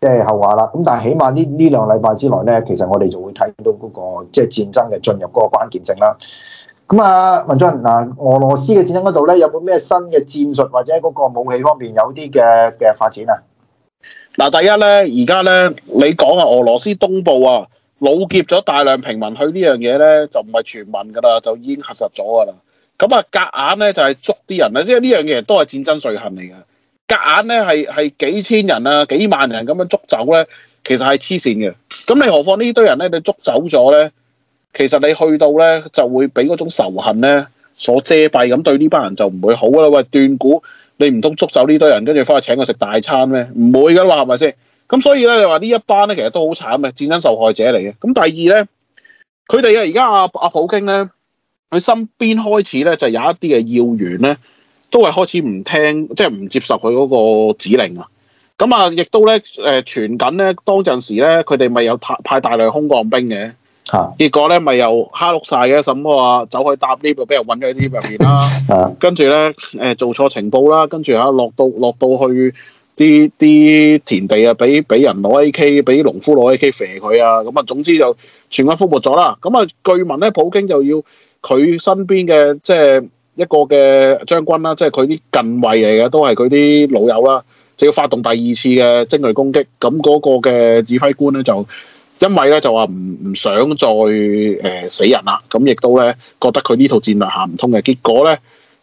即係後話啦。咁但係起碼呢呢兩禮拜之內咧，其實我哋就會睇到嗰、那個即係戰爭嘅進入嗰個關鍵性啦。咁、嗯、啊，文進嗱，俄羅斯嘅戰爭嗰度咧有冇咩新嘅戰術，或者嗰個武器方面有啲嘅嘅發展啊？嗱，第一咧，而家咧，你講下俄羅斯東部啊。老劫咗大量平民去呢樣嘢咧，就唔係傳聞㗎啦，就已經核實咗㗎啦。咁啊，隔硬咧就係捉啲人咧，即係呢樣嘢都係戰爭罪行嚟嘅。隔硬咧係係幾千人啊、幾萬人咁樣捉走咧，其實係黐線嘅。咁你何況呢堆人咧，你捉走咗咧，其實你去到咧就會俾嗰種仇恨咧所遮蔽，咁對呢班人就唔會好啦。喂，斷估你唔通捉走呢堆人，跟住翻去請佢食大餐咩？唔會噶啦，係咪先？咁所以咧，你話呢一班咧，其實都好慘嘅，戰爭受害者嚟嘅。咁第二咧，佢哋啊，而家阿阿普京咧，佢身邊開始咧就是、有一啲嘅要員咧，都係開始唔聽，即係唔接受佢嗰個指令啊。咁啊，亦都咧，誒，傳緊咧，當陣時咧，佢哋咪有派派大量空降兵嘅，吓，啊、結果咧咪又蝦碌晒嘅，什啊，走去搭、啊啊、lift 俾人搵咗啲入邊啦，跟住咧、啊，誒，做錯情報啦，跟住吓落到落到去。啲啲田地啊，俾俾人攞 A.K.，俾農夫攞 A.K. 射佢啊！咁啊，總之就全軍覆沒咗啦。咁、嗯、啊，據聞咧，普京就要佢身邊嘅即係一個嘅將軍啦，即係佢啲近衛嚟嘅，都係佢啲老友啦，就要發動第二次嘅精鋭攻擊。咁、嗯、嗰、那個嘅指揮官咧，就因為咧就話唔唔想再誒、呃、死人啦，咁、嗯、亦都咧覺得佢呢套戰略行唔通嘅，結果咧，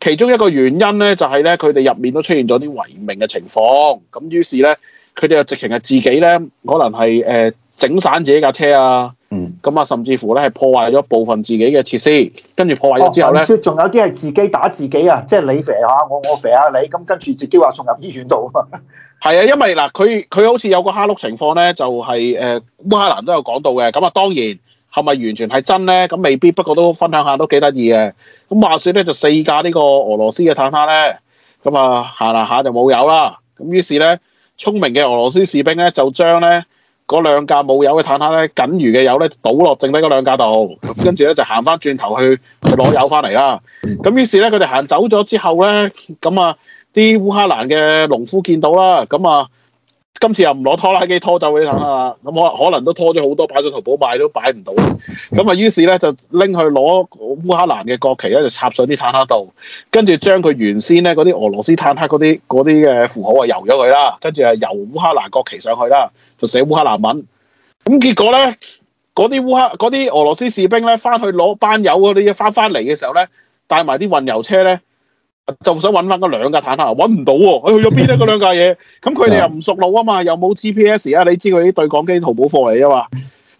其中一個原因咧，就係、是、咧，佢哋入面都出現咗啲違命嘅情況，咁於是咧，佢哋又直情係自己咧，可能係誒、呃、整散自己架車啊，嗯，咁啊，甚至乎咧係破壞咗部分自己嘅設施，跟住破壞咗之後咧，仲、哦、有啲係自己打自己啊，即係你肥下、啊、我，我啡下、啊、你，咁跟住自己話送入醫院度啊，係啊，因為嗱，佢佢好似有個蝦碌情況咧，就係、是、誒，烏、呃、克蘭都有講到嘅，咁啊，當然。係咪完全係真呢？咁未必，不過都分享下都幾得意嘅。咁話説呢，就四架呢個俄羅斯嘅坦克呢，咁啊行下行下就冇油啦。咁於是呢，聰明嘅俄羅斯士兵呢，就將呢嗰兩架冇油嘅坦克呢，僅餘嘅油呢，倒落剩低嗰兩架度，跟住呢，就行翻轉頭去攞油翻嚟啦。咁於是呢，佢哋行走咗之後呢，咁啊啲烏克蘭嘅農夫見到啦，咁啊～今次又唔攞拖拉機拖走啲坦克啊！咁可能可能都拖咗好多擺咗淘寶賣都擺唔到，咁啊於是咧就拎去攞烏克蘭嘅國旗咧就插上啲坦克度，跟住將佢原先咧嗰啲俄羅斯坦克嗰啲嗰啲嘅符號啊油咗佢啦，跟住啊油烏克蘭國旗上去啦，就寫烏克蘭文。咁結果咧嗰啲烏克嗰啲俄羅斯士兵咧翻去攞班友嗰啲嘢翻翻嚟嘅時候咧，帶埋啲運油車咧。就想揾翻嗰兩架坦克，揾唔到喎、啊。佢去咗邊咧？嗰兩架嘢咁，佢哋又唔熟路啊嘛，又冇 G P S 啊。你知佢啲對講機，淘寶貨嚟啫嘛。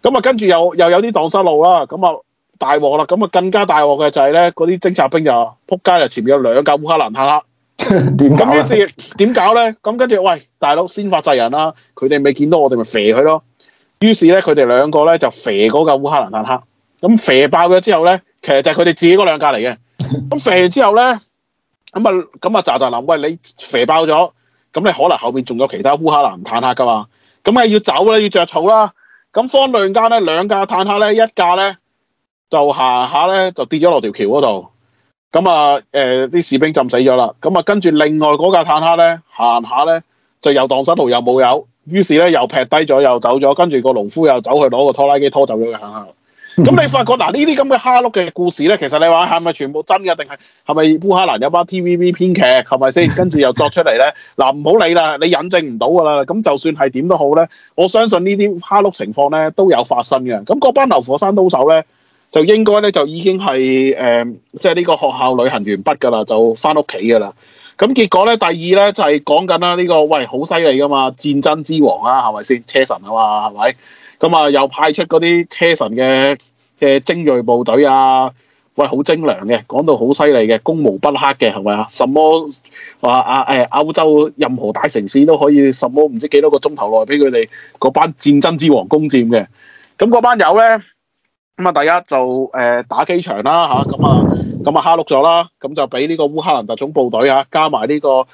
咁啊，跟住又又有啲蕩失路啦。咁啊，大鑊啦。咁啊，更加大鑊嘅就係、是、咧，嗰啲偵察兵就撲街啦。前面有兩架烏克蘭坦克，點咁於是點搞咧？咁跟住，喂，大佬先發制人啦。佢哋未見到我哋，咪肥佢咯。於是咧，佢哋兩個咧就肥嗰架烏克蘭坦克。咁肥爆咗之後咧，其實就係佢哋自己嗰兩架嚟嘅。咁肥之後咧。咁啊，咁啊，咋咋林，喂，你肥爆咗，咁你可能後邊仲有其他烏克蘭坦克㗎嘛？咁啊要走啦，要着草啦。咁方兩間咧，兩架坦克咧，一架咧就行下咧就跌咗落條橋嗰度。咁啊，誒、呃、啲士兵浸死咗啦。咁啊，跟住另外嗰架坦克咧，行下咧就又蕩失路，又冇有，於是咧又劈低咗又走咗，跟住個農夫又走去攞個拖拉機拖走咗佢行下。咁你發覺嗱呢啲咁嘅蝦碌嘅故事咧，其實你話係咪全部真嘅，定係係咪烏克蘭有班 TVB 編劇係咪先？跟住 又作出嚟咧，嗱唔好理啦，你引證唔到㗎啦。咁就算係點都好咧，我相信呢啲蝦碌情況咧都有發生嘅。咁嗰班流火山刀手咧，就應該咧就已經係誒，即係呢個學校旅行完畢㗎啦，就翻屋企㗎啦。咁結果咧，第二咧就係、是、講緊啦、這個，呢個喂好犀利㗎嘛，戰爭之王啊，係咪先？車神啊嘛，係咪？咁啊又派出嗰啲車神嘅。嘅精銳部隊啊，喂，好精良嘅，講到好犀利嘅，攻無不克嘅，係咪啊？什麼話啊？誒、哎，歐洲任何大城市都可以，什麼唔知幾多個鐘頭內俾佢哋嗰班戰爭之王攻佔嘅。咁嗰班友呢，咁啊，大家就誒、呃、打機場啦吓，咁啊，咁啊，哈碌咗啦，咁、啊、就俾呢個烏克蘭特種部隊啊，加埋呢、這個。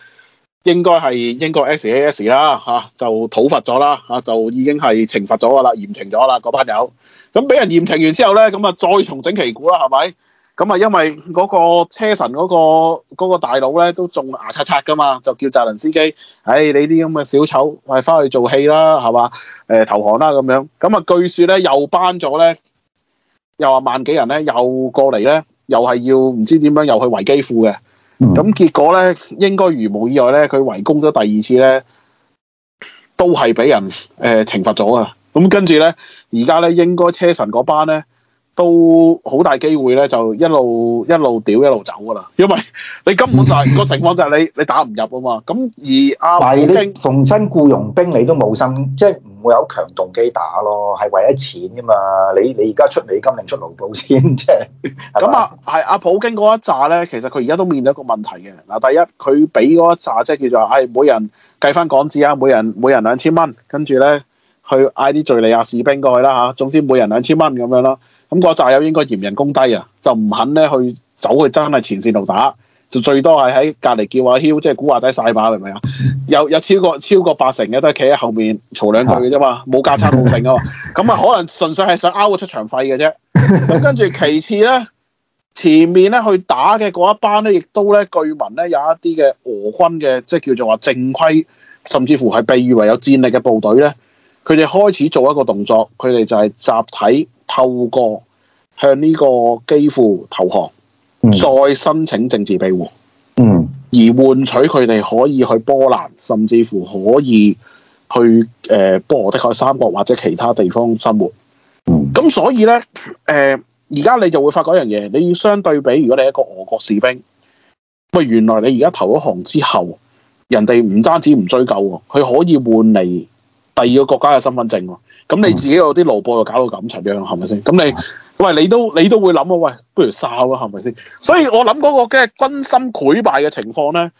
應該係英國 SAS 啦嚇、啊，就討伐咗啦嚇，就已經係懲罰咗噶啦，嚴懲咗啦嗰班友。咁俾人，人嚴懲完之後咧，咁啊再重整旗鼓啦，係咪？咁啊，因為嗰個車神嗰、嗰個嗰個大佬咧都仲牙刷刷噶嘛，就叫澤林司機。唉、哎，你啲咁嘅小丑，我係翻去做戲啦，係嘛？誒、呃、投降啦咁樣。咁啊，據說咧又班咗咧，又話萬幾人咧，又過嚟咧，又係要唔知點樣又去維基庫嘅。咁結果咧，應該如無意外咧，佢圍攻咗第二次咧，都係俾人誒懲罰咗喇。咁跟住咧，而家咧應該車臣嗰班咧，都好大機會咧，就一路一路屌一路走噶啦，因為你根本就係、是、 個情況就係你你打唔入啊嘛。咁而阿兵逢親僱傭兵，你都冇心即係。我有強動機打咯，係為咗錢噶嘛？你你而家出美金定出盧布先啫？咁啊，係、啊、阿普京嗰一紮咧，其實佢而家都面對一個問題嘅。嗱，第一佢俾嗰一紮即係叫做，唉、哎，每人計翻港紙啊，每人每人兩千蚊，跟住咧去嗌啲敍利亞士兵過去啦嚇、啊。總之每人兩千蚊咁樣咯。咁嗰紮友應該嫌人工低啊，就唔肯咧去走去真係前線度打。就最多係喺隔離叫囂即係古惑仔晒馬，係咪啊？有有超過超過八成嘅都係企喺後面嘈兩句嘅啫嘛，冇加差冇成啊嘛，咁啊可能純粹係想拗個出場費嘅啫。咁 跟住其次咧，前面咧去打嘅嗰一班咧，亦都咧據聞咧有一啲嘅俄軍嘅，即係叫做話正規，甚至乎係被譽為有戰力嘅部隊咧，佢哋開始做一個動作，佢哋就係集體透過向呢個基輔投降。再申請政治庇護，嗯，而換取佢哋可以去波蘭，甚至乎可以去誒、呃、波羅的海三國或者其他地方生活。嗯，咁所以呢，誒而家你就會發覺一樣嘢，你要相對比，如果你係一個俄國士兵，喂，原來你而家投咗降之後，人哋唔單止唔追究喎，佢可以換嚟第二個國家嘅身份證喎。咁你自己有啲路破又搞到咁醜樣，係咪先？咁你，喂，你都你都會諗啊？喂，不如收啦，係咪先？所以我諗嗰個嘅軍心潰敗嘅情況咧，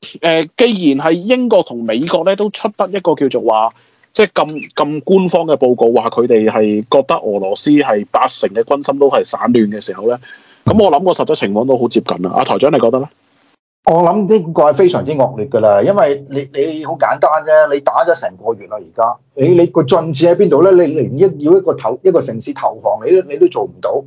誒、呃，既然係英國同美國咧都出得一個叫做話，即係咁咁官方嘅報告話佢哋係覺得俄羅斯係八成嘅軍心都係散亂嘅時候咧，咁我諗個實際情況都好接近啦。阿、啊、台長，你覺得咧？我諗呢個係非常之惡劣噶啦，因為你你好簡單啫，你打咗成個月啦，而家，誒，你個進次喺邊度咧？你連一要一個頭一個城市投降，你都你都做唔到。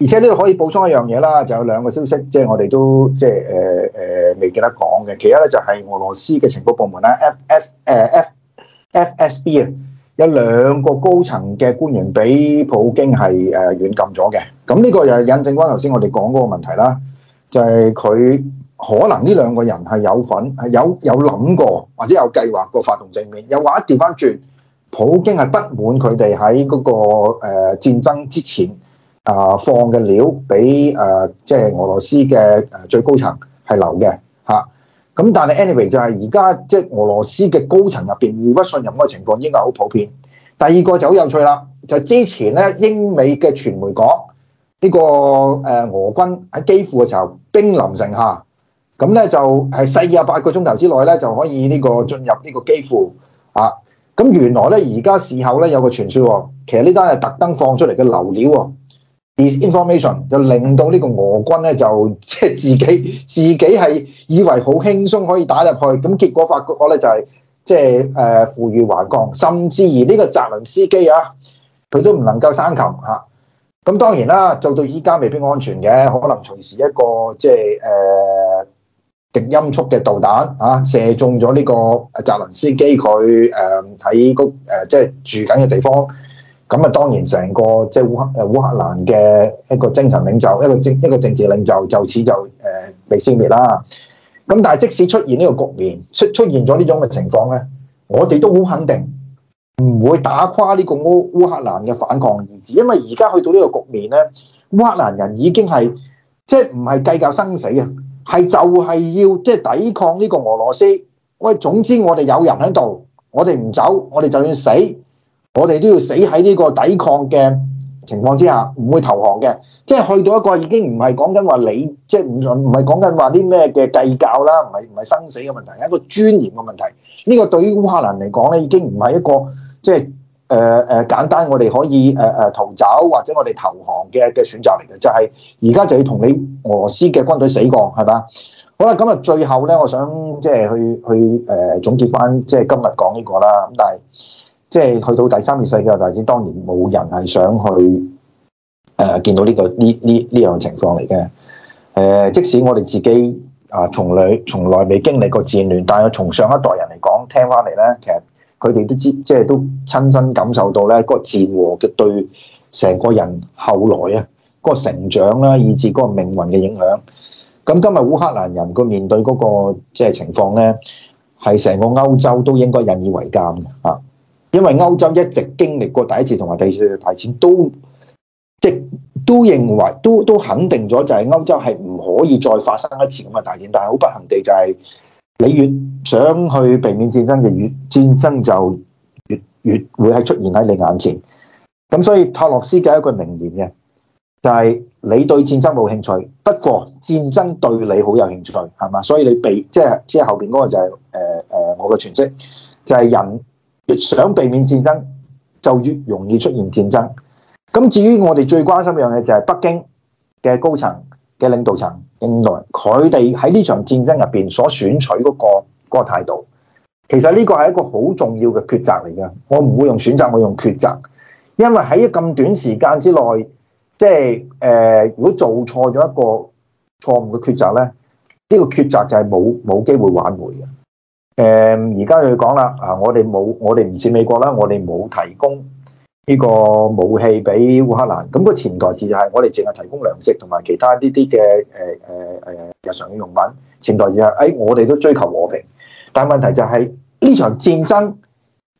而且呢度可以補充一樣嘢啦，就有兩個消息，即係我哋都即係誒誒未記得講嘅。其一咧就係俄羅斯嘅情報部門啦，F S 誒 F F S B 啊，有兩個高層嘅官員俾普京係誒軟禁咗嘅。咁呢個又係引證翻頭先我哋講嗰個問題啦，就係佢。可能呢兩個人係有份，係有有諗過，或者有計劃過發動正面。又話調翻轉，普京係不滿佢哋喺嗰個誒、呃、戰爭之前啊、呃、放嘅料俾誒，即、呃、係、就是、俄羅斯嘅最高層係留嘅嚇。咁、啊、但係 anyway 就係而家即係俄羅斯嘅高層入邊互不信任嘅情況應該好普遍。第二個就好有趣啦，就是、之前咧，英美嘅傳媒講呢、這個誒俄軍喺基輔嘅時候兵臨城下。咁咧就係四十八個鐘頭之內咧，就可以呢個進入呢個機庫啊！咁原來咧，而家事後咧有個傳説，其實呢單係特登放出嚟嘅流料啊，disinformation 就令到呢個俄軍咧就即係自己自己係以為好輕鬆可以打入去，咁、啊、結果發覺咧就係即係誒負隅頑抗，甚至而呢個澤連斯基啊，佢都唔能夠生擒嚇。咁、啊、當然啦，做到依家未必安全嘅，可能隨時一個即係誒。就是啊極音速嘅導彈啊，射中咗呢個澤連斯基佢誒喺嗰誒即係住緊嘅地方，咁啊當然成個即係烏烏克蘭嘅一個精神領袖，一個政一個政治領袖就此就誒、呃、被消滅啦。咁但係即使出現呢個局面，出出現咗呢種嘅情況咧，我哋都好肯定唔會打垮呢個烏烏克蘭嘅反抗意志，因為而家去到呢個局面咧，烏克蘭人已經係即係唔係計較生死啊。係就係要即係抵抗呢個俄羅斯。喂，總之我哋有人喺度，我哋唔走，我哋就算死，我哋都要死喺呢個抵抗嘅情況之下，唔會投降嘅。即係去到一個已經唔係講緊話你，即係唔唔係講緊話啲咩嘅計較啦，唔係唔係生死嘅問題，係一個尊嚴嘅問題。呢個對於烏克蘭嚟講咧，已經唔係一個即係。誒誒、呃、簡單，我哋可以誒誒、呃呃、逃走，或者我哋投降嘅嘅選擇嚟嘅，就係而家就要同你俄羅斯嘅軍隊死過，係嘛？好啦，咁啊，最後咧，我想即係去去誒總結翻，即係今日講呢個啦。咁但係即係去到第三次世界大戰，當然冇人係想去誒、呃、見到呢、呢個呢呢呢樣情況嚟嘅。誒、呃，即使我哋自己啊從來從來未經歷過戰亂，但係從上一代人嚟講聽翻嚟咧，其實。佢哋都知，即係都親身感受到咧，嗰個戰禍嘅對成個人後來啊，嗰個成長啦，以至嗰個命運嘅影響。咁今日烏克蘭人個面對嗰個即係情況咧，係成個歐洲都應該引以為鑑嘅嚇，因為歐洲一直經歷過第一次同埋第二次大戰都，都即都認為都都肯定咗就係歐洲係唔可以再發生一次咁嘅大戰，但係好不幸地就係、是。你越想去避免戰爭，就越戰爭就越越會喺出現喺你眼前。咁所以托洛斯嘅一個名言嘅就係、是：你對戰爭冇興趣，不過戰爭對你好有興趣，係嘛？所以你避即係即係後邊嗰個就係誒誒我嘅詮釋，就係、是、人越想避免戰爭，就越容易出現戰爭。咁至於我哋最關心嘅樣嘢就係北京嘅高層嘅領導層。印度佢哋喺呢場戰爭入邊所選取嗰個嗰個態度，其實呢個係一個好重要嘅抉擇嚟㗎。我唔會用選擇，我用抉擇，因為喺咁短時間之內，即係誒、呃，如果做錯咗一個錯誤嘅抉擇咧，呢個抉擇就係冇冇機會挽回嘅。誒、呃，而家佢講啦，啊，我哋冇，我哋唔似美國啦，我哋冇提供。呢個武器俾烏克蘭，咁、那個潛台詞就係我哋淨係提供糧食同埋其他一啲啲嘅誒誒誒日常嘅用品。潛台詞就係、是，誒、哎、我哋都追求和平，但問題就係、是、呢場戰爭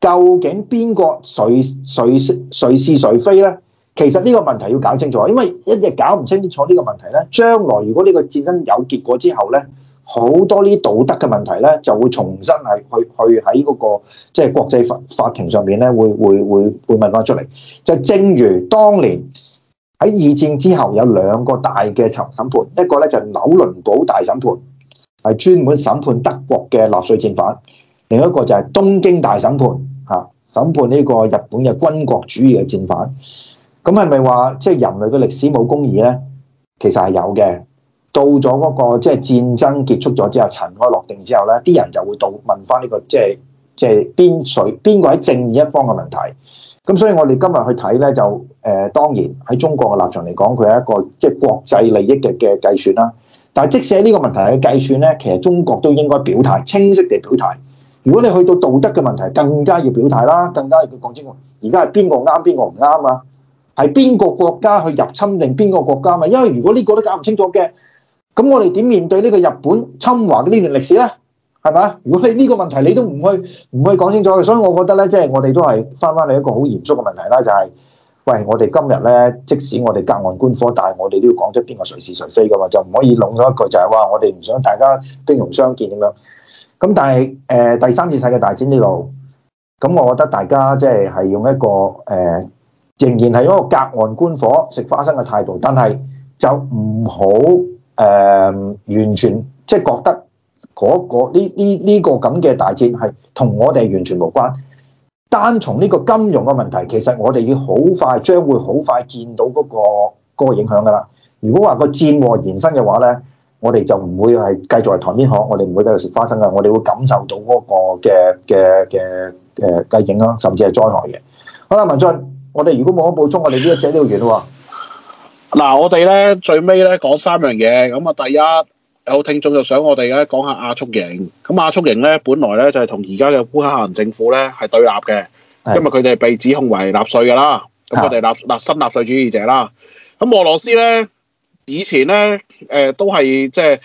究竟邊個誰誰誰是誰非咧？其實呢個問題要搞清楚，因為一日搞唔清楚呢個問題咧，將來如果呢個戰爭有結果之後咧。好多呢道德嘅問題咧，就會重新係去去喺嗰個即係國際法法庭上面咧，會會會會問翻出嚟。就正如當年喺二戰之後有兩個大嘅審審判，一個咧就紐倫堡大審判，係專門審判德國嘅納粹戰犯；另一個就係東京大審判，嚇審判呢個日本嘅軍國主義嘅戰犯。咁係咪話即係人類嘅歷史冇公義咧？其實係有嘅。到咗嗰、那個即係戰爭結束咗之後，塵埃落定之後咧，啲人就會到問翻呢、這個即係即係邊誰邊個喺正義一方嘅問題。咁所以我哋今日去睇咧，就誒、呃、當然喺中國嘅立場嚟講，佢係一個即係國際利益嘅嘅計算啦。但係即使喺呢個問題嘅計算咧，其實中國都應該表態，清晰地表態。如果你去到道德嘅問題，更加要表態啦，更加要講清楚。而家係邊個啱，邊個唔啱啊？係邊個國家去入侵定邊個國家嘛？因為如果呢個都搞唔清楚嘅。咁我哋點面對呢個日本侵華嘅呢段歷史呢？係咪？如果你呢個問題你都唔去唔去講清楚嘅，所以我覺得咧，即係我哋都係翻翻去一個好嚴肅嘅問題啦。就係，喂，我哋今日咧，即使我哋隔岸觀火，但係我哋都要講出邊個誰是誰非嘅嘛，就唔可以弄咗一個就係話，我哋唔想大家兵戎相見咁樣。咁但係誒第三次世界大戰呢度，咁我覺得大家即係係用一個誒，仍然係一個隔岸觀火食花生嘅態度，但係就唔好。誒、呃，完全即係覺得嗰呢呢呢個咁嘅、這個這個、大戰係同我哋完全無關。單從呢個金融嘅問題，其實我哋要好快將會好快見到嗰、那個那個影響㗎啦。如果話個戰禍延伸嘅話咧，我哋就唔會係繼續喺台面學，我哋唔會繼續食花生㗎。我哋會感受到嗰個嘅嘅嘅誒嘅影響，甚至係災害嘅。好啦，文進，我哋如果冇乜補充，我哋呢一節呢度完喎。嗱，我哋咧最尾咧講三樣嘢，咁啊，第一有聽眾就想我哋咧講下亞速營，咁亞速營咧，本來咧就係同而家嘅烏克蘭政府咧係對立嘅，因為佢哋被指控為納粹㗎啦，咁佢哋納納新納粹主義者啦，咁、嗯、俄羅斯咧以前咧誒、呃、都係即係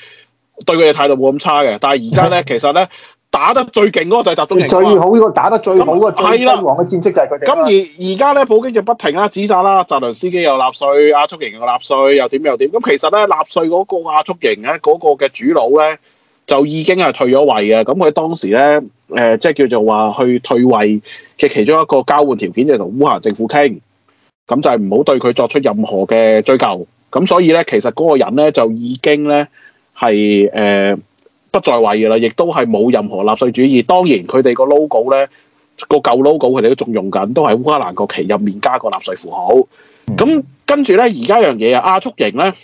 對佢哋態度冇咁差嘅，但係而家咧其實咧。打得最勁嗰個就係集中營，最好呢，打得最好嗰個，係啦、嗯，王嘅戰績就係佢哋。咁而而家咧，普京就不停啦，指責啦，澤倫斯基又納粹，阿速營又納粹，又點又點。咁、嗯、其實咧，納粹嗰個阿速營咧，嗰個嘅主腦咧，就已經係退咗位嘅。咁、嗯、佢當時咧，誒、呃，即係叫做話去退位嘅其中一個交換條件就、嗯，就同烏克蘭政府傾，咁就係唔好對佢作出任何嘅追究。咁、嗯、所以咧，其實嗰個人咧，就已經咧係誒。呃不在話議啦，亦都係冇任何納粹主義。當然佢哋個 logo 咧，個舊 logo 佢哋都仲用緊，都係烏克蘭國旗入面加個納粹符號。咁、嗯、跟住咧，而家樣嘢啊，亞速營咧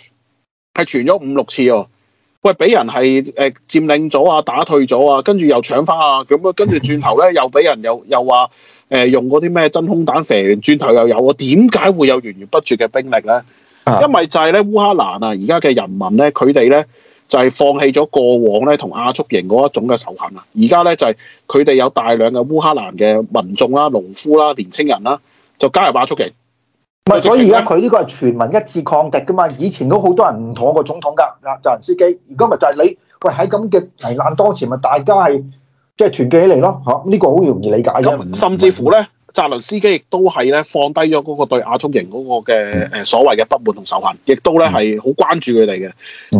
係傳咗五六次喎、哦。喂，俾人係誒、呃、佔領咗啊，打退咗啊，跟住又搶翻啊，咁啊，跟住轉頭咧又俾人又又話誒、呃、用嗰啲咩真空彈射完，轉頭又有喎。點解會有源源不絕嘅兵力咧？嗯嗯、因為就係咧烏克蘭啊，而家嘅人民咧，佢哋咧。就係放棄咗過往咧同亞速營嗰一種嘅仇恨啊！而家咧就係佢哋有大量嘅烏克蘭嘅民眾啦、農夫啦、年青人啦，就加入亞速營。唔是所以而家佢呢個係全民一致抗敵㗎嘛！以前都好多人唔妥我個總統㗎，啊，就人司機。而家咪就係你，喂，喺咁嘅危難當前，咪大家係即係團結起嚟咯，嚇、啊！呢、這個好容易理解嘅、嗯，甚至乎咧。澤連斯基亦都係咧放低咗嗰個對亞速營嗰個嘅誒所謂嘅不滿同仇恨，亦都咧係好關注佢哋嘅。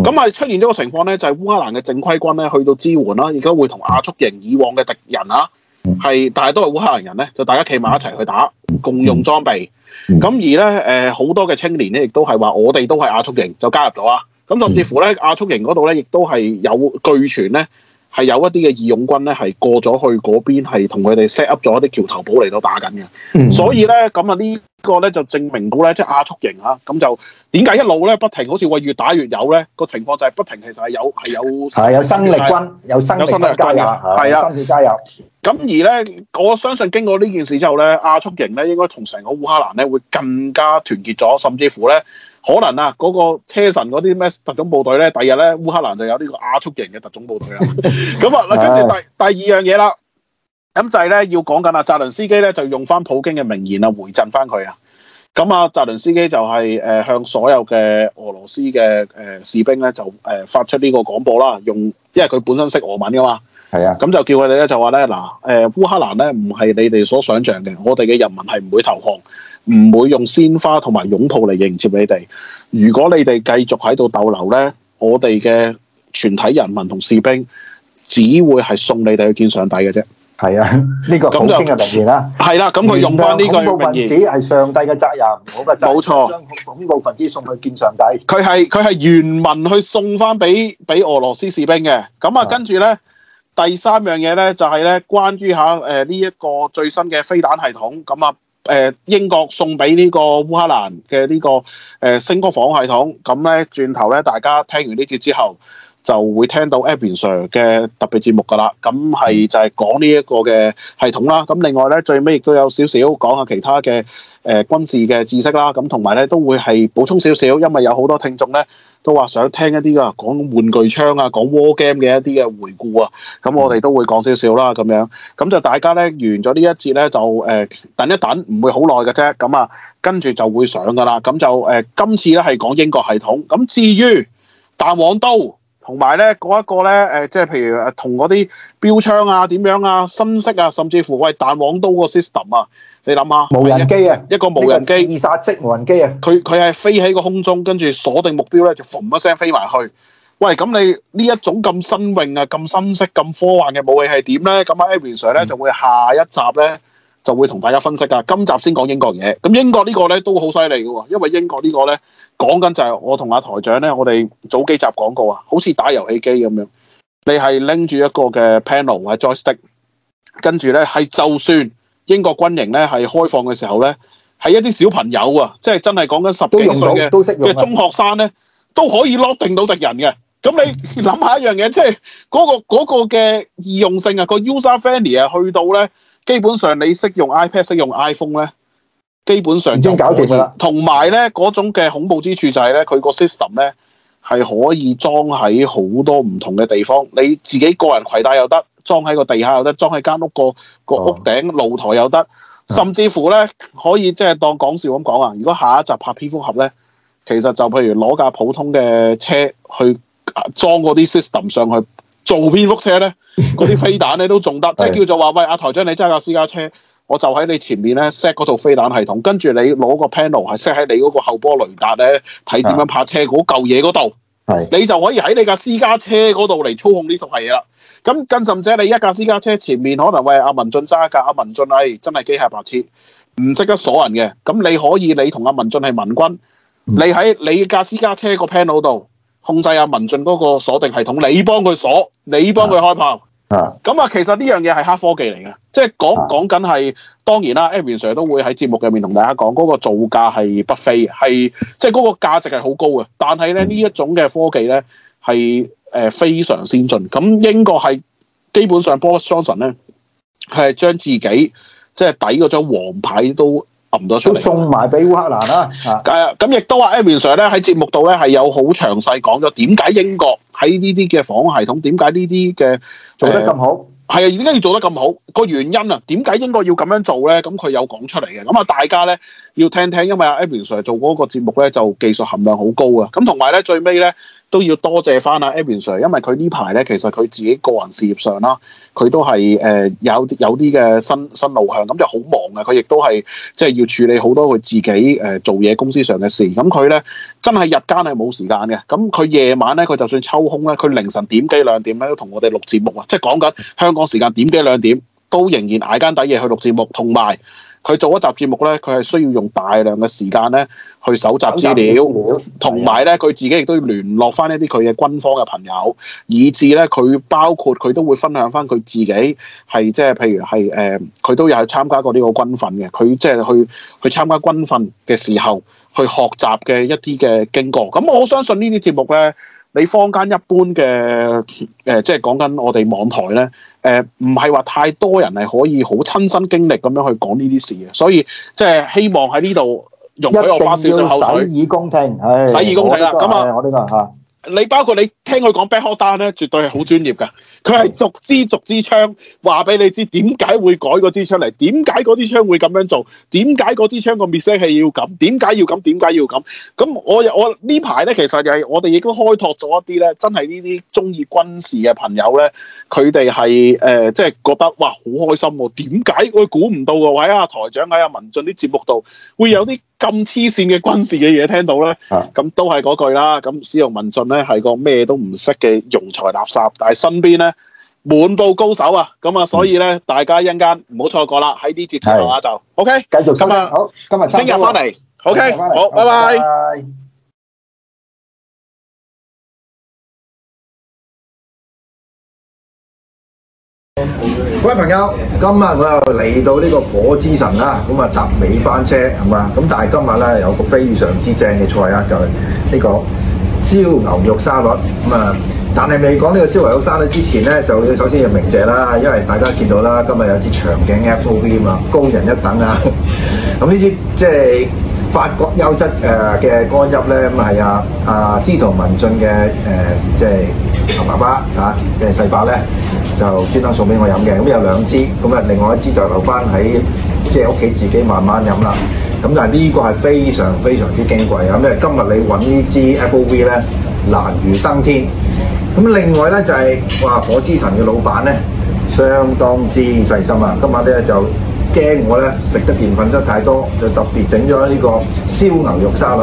咁啊、嗯、出現咗個情況咧，就係、是、烏克蘭嘅正規軍咧去到支援啦，而家會同亞速營以往嘅敵人啊，係但係都係烏克蘭人咧，就大家企埋一齊去打，共用裝備。咁、嗯、而咧誒好多嘅青年咧，亦都係話我哋都係亞速營，就加入咗啊。咁甚至乎咧亞速營嗰度咧，亦都係有據傳咧。係有一啲嘅義勇軍咧，係過咗去嗰邊，係同佢哋 set up 咗一啲橋頭堡嚟到打緊嘅。嗯、所以咧，咁啊呢個咧就證明到咧，即係亞速營嚇、啊，咁就點解一路咧不停，好似話越打越有咧？個情況就係不停，其實係有係有係有生力軍，啊、有生力軍加油，係啊，有生力加油。咁、啊、而咧，我相信經過呢件事之後咧，亞速營咧應該同成個烏克蘭咧會更加團結咗，甚至乎咧。可能啊，嗰、那個車臣嗰啲咩特種部隊咧，第日咧烏克蘭就有呢個亞速營嘅特種部隊啊、 嗯。咁啊，嗱，跟住第第二樣嘢啦，咁就咧要講緊啊，澤倫斯基咧就用翻普京嘅名言啊，回贈翻佢啊。咁、嗯、啊，澤倫斯基就係、是、誒、呃、向所有嘅俄羅斯嘅誒、呃、士兵咧，就誒、呃、發出呢個廣播啦，用因為佢本身識俄文噶嘛，係對啊，咁就叫佢哋咧就話咧嗱，誒、呃、烏、呃呃、克蘭咧唔係你哋所想象嘅，我哋嘅人民係唔會投降。唔會用鮮花同埋擁抱嚟迎接你哋。如果你哋繼續喺度逗留呢，我哋嘅全體人民同士兵只會係送你哋去見上帝嘅啫。係啊，呢、這個好聽嘅名言啦。係啦，咁佢、啊、用翻呢句名言。恐怖分子係上帝嘅責任，冇錯。將恐怖分子送去見上帝。佢係佢係原文去送翻俾俾俄羅斯士兵嘅。咁啊，跟住呢第三樣嘢呢，就係、是、呢關於下誒呢一個最新嘅飛彈系統咁啊。呃、英國送俾呢個烏克蘭嘅呢、呢個誒星光防系統，咁咧轉頭咧，大家聽完呢節之後就會聽到 Abin Sir 嘅特別節目噶啦，咁係就係、係、講呢一個嘅系統啦。咁另外呢，最尾亦都有少少講下其他嘅誒、呃、軍事嘅知識啦。咁同埋呢，都會係補充少少，因為有好多聽眾呢。都話想聽一啲啊，講玩具槍啊，講 war game 嘅一啲嘅回顧啊，咁我哋都會講少少啦，咁樣，咁就大家咧完咗呢一節咧就誒、呃、等一等，唔會好耐嘅啫，咁啊跟住就會上噶啦，咁就誒、呃、今次咧係講英國系統，咁至於彈簧刀同埋咧嗰一個咧誒，即、呃、係譬如誒同嗰啲標槍啊點樣啊深色啊，甚至乎喂彈簧刀個 system 啊。你諗下，無人機啊，一個無人機自殺式無人機啊，佢佢係飛喺個空中，跟住鎖定目標咧，就嘣一聲飛埋去。喂，咁你呢一種咁新穎啊、咁新式、咁科幻嘅武器係點咧？咁阿 Aaron Sir 咧就會下一集咧就會同大家分析噶。今集先講英國嘢，咁英國呢個咧都好犀利噶，因為英國呢個咧講緊就係我同阿台長咧，我哋早幾集講過啊，好似打遊戲機咁樣，你係拎住一個嘅 panel 或者 joystick，跟住咧係就算。英國軍營咧係開放嘅時候咧，係一啲小朋友啊，即係真係講緊十幾歲嘅中學生咧，都可以 lock 定到敵人嘅。咁你諗下一樣嘢， 即係嗰個嗰個嘅易用性啊，個 user friendly 啊，去到咧，基本上你識用 iPad、識用 iPhone 咧，基本上已經搞掂啦。同埋咧，嗰種嘅恐怖之處就係咧，佢個 system 咧。係可以裝喺好多唔同嘅地方，你自己個人攜帶又得，裝喺個地下又得，裝喺間屋個個屋頂露台又得，甚至乎咧可以即係當講笑咁講啊！如果下一集拍蝙蝠俠咧，其實就譬如攞架普通嘅車去裝嗰啲 system 上去做蝙蝠車咧，嗰啲飛彈咧都仲得， 即係叫做話喂阿台長，你揸架私家車。我就喺你前面咧 set 嗰套飛彈系統，跟住你攞個 panel 係 set 喺你嗰個後波雷達咧，睇點樣拍車嗰嚿嘢嗰度，係的你就可以喺你架私家車嗰度嚟操控呢套係嘢啦。咁更甚者你一架私家車前面可能喂，阿文進揸架，阿文進係真係機械白痴，唔識得鎖人嘅。咁你可以你同阿文進係盟軍，嗯、你喺你架私家車個 panel 度控制阿文進嗰個鎖定系統，你幫佢鎖，你幫佢開炮。啊，咁啊，其實呢樣嘢係黑科技嚟嘅，即係講講緊係當然啦，Avi Sir 都會喺節目入面同大家講，嗰、嗰個造價係不菲，係即係嗰個價值係好高嘅，但係咧呢一種嘅科技咧係誒非常先進，咁、嗯、英國係基本上，Boris Johnson 咧係將自己即係抵嗰張黃牌都。噏唔多出送埋俾烏克蘭啦、啊。誒、 啊，咁亦都話 Abraham 咧喺節目度咧係有好詳細講咗點解英國喺呢啲嘅防系統，點解呢啲嘅做得咁好？係啊，點解要做得咁好？個原因啊，點解英國要咁樣做咧？咁佢有講出嚟嘅。咁啊，大家咧要聽聽，因為 Abraham 做嗰個節目咧就技術含量好高啊。咁同埋咧，最尾咧，都要多謝翻阿 Edwin Sir 因為佢呢排咧，其實佢自己個人事業上啦，佢都係誒、呃、有有啲嘅新新路向，咁就好忙嘅。佢亦都係即係要處理好多佢自己誒、呃、做嘢公司上嘅事。咁佢咧真係日間係冇時間嘅，咁佢夜晚咧，佢就算抽空咧，佢凌晨點幾兩點咧都同我哋錄節目啊！即係講緊香港時間點幾兩點，都仍然捱更抵夜去錄節目，同埋。佢做一集節目咧，佢係需要用大量嘅時間咧去搜集資料，同埋咧佢自己亦都要聯絡翻一啲佢嘅軍方嘅朋友，以至咧佢包括佢都會分享翻佢自己係即係譬如係誒，佢、呃、都有去參加過呢個軍訓嘅，佢即係去去參加軍訓嘅時候去學習嘅一啲嘅經過。咁我相信呢啲節目咧，你坊間一般嘅誒，即係講緊我哋網台咧。誒唔係話太多人係可以好親身經歷咁樣去講呢啲事嘅，所以即係希望喺呢度容許我花少少口水，洗耳恭聽，係，洗耳恭聽啦，咁啊，我呢個嚇。你包括你聽佢講 Black Hawk Down 咧，絕對係好專業㗎。佢係逐支逐支槍話俾你知點解會改個支槍嚟，點解嗰支槍會咁樣做，點解嗰支槍個 missile 係要咁，點解要咁，點解要咁。咁我我呢排咧，其實係我哋亦都開拓咗一啲咧，真係呢啲中意軍事嘅朋友咧，佢哋係誒即係覺得哇好開心喎、啊。點解會估唔到㗎？喎喺阿台長喺阿文進啲節目度會有啲，咁黐線嘅軍事嘅嘢聽到咧，咁都係嗰句啦。咁司徒文進咧係個咩都唔識嘅庸才垃圾，但係身邊咧滿佈高手啊。咁啊，所以咧大家一陣間唔好錯過啦。喺呢節目下就 OK，繼續今日好，今日聽日翻嚟 OK，好拜拜。各位朋友，今日我又嚟到呢個火之神啦，咁啊搭尾班車係嘛？咁但係今日咧有個非常之正嘅菜啊，就係呢個燒牛肉沙律。咁啊，但係未講呢個燒牛肉沙律之前咧，就首先要鳴謝啦，因為大家見到啦，今日有支長頸 F O V 啊，高人一等啊。咁呢支即係法國優質誒嘅干邑咧，咁啊係啊啊司徒文進嘅誒即係。同爸爸嚇、啊，即係細伯咧，就專登送俾我飲嘅。咁、嗯、有兩支，咁、嗯、啊，另外一支就留翻喺即係屋企自己慢慢飲啦。咁、嗯、但係呢個係非常非常之矜貴啊！因、嗯、今日你揾呢支 Apple V 咧難如登天。咁、嗯、另外咧就係、是、哇，火之神嘅老闆咧，相當之細心啊！今日咧就驚我咧食得澱粉質太多，就特別整咗呢個燒牛肉沙律。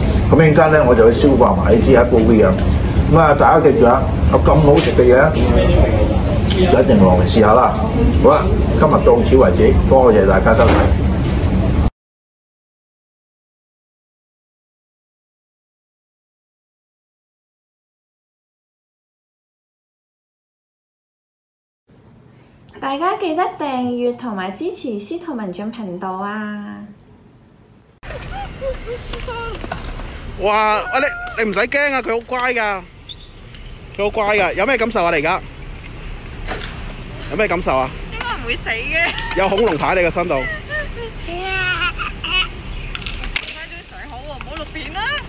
咁陣間咧，我就去消化埋呢支喺庫 v 啊！咁啊，大家記住啊，有咁好食嘅嘢，大家一定落嚟試下啦！好啦，今日到此為止，多謝大家收睇。大家記得訂閱同埋支持司徒文進頻道啊！哇！啊你你唔使驚啊，佢好乖噶，佢好乖噶。有咩感受啊？你而家？有咩感受啊？應該唔會死嘅。有恐龍喺你個身度。開張相好喎，唔好録片啦。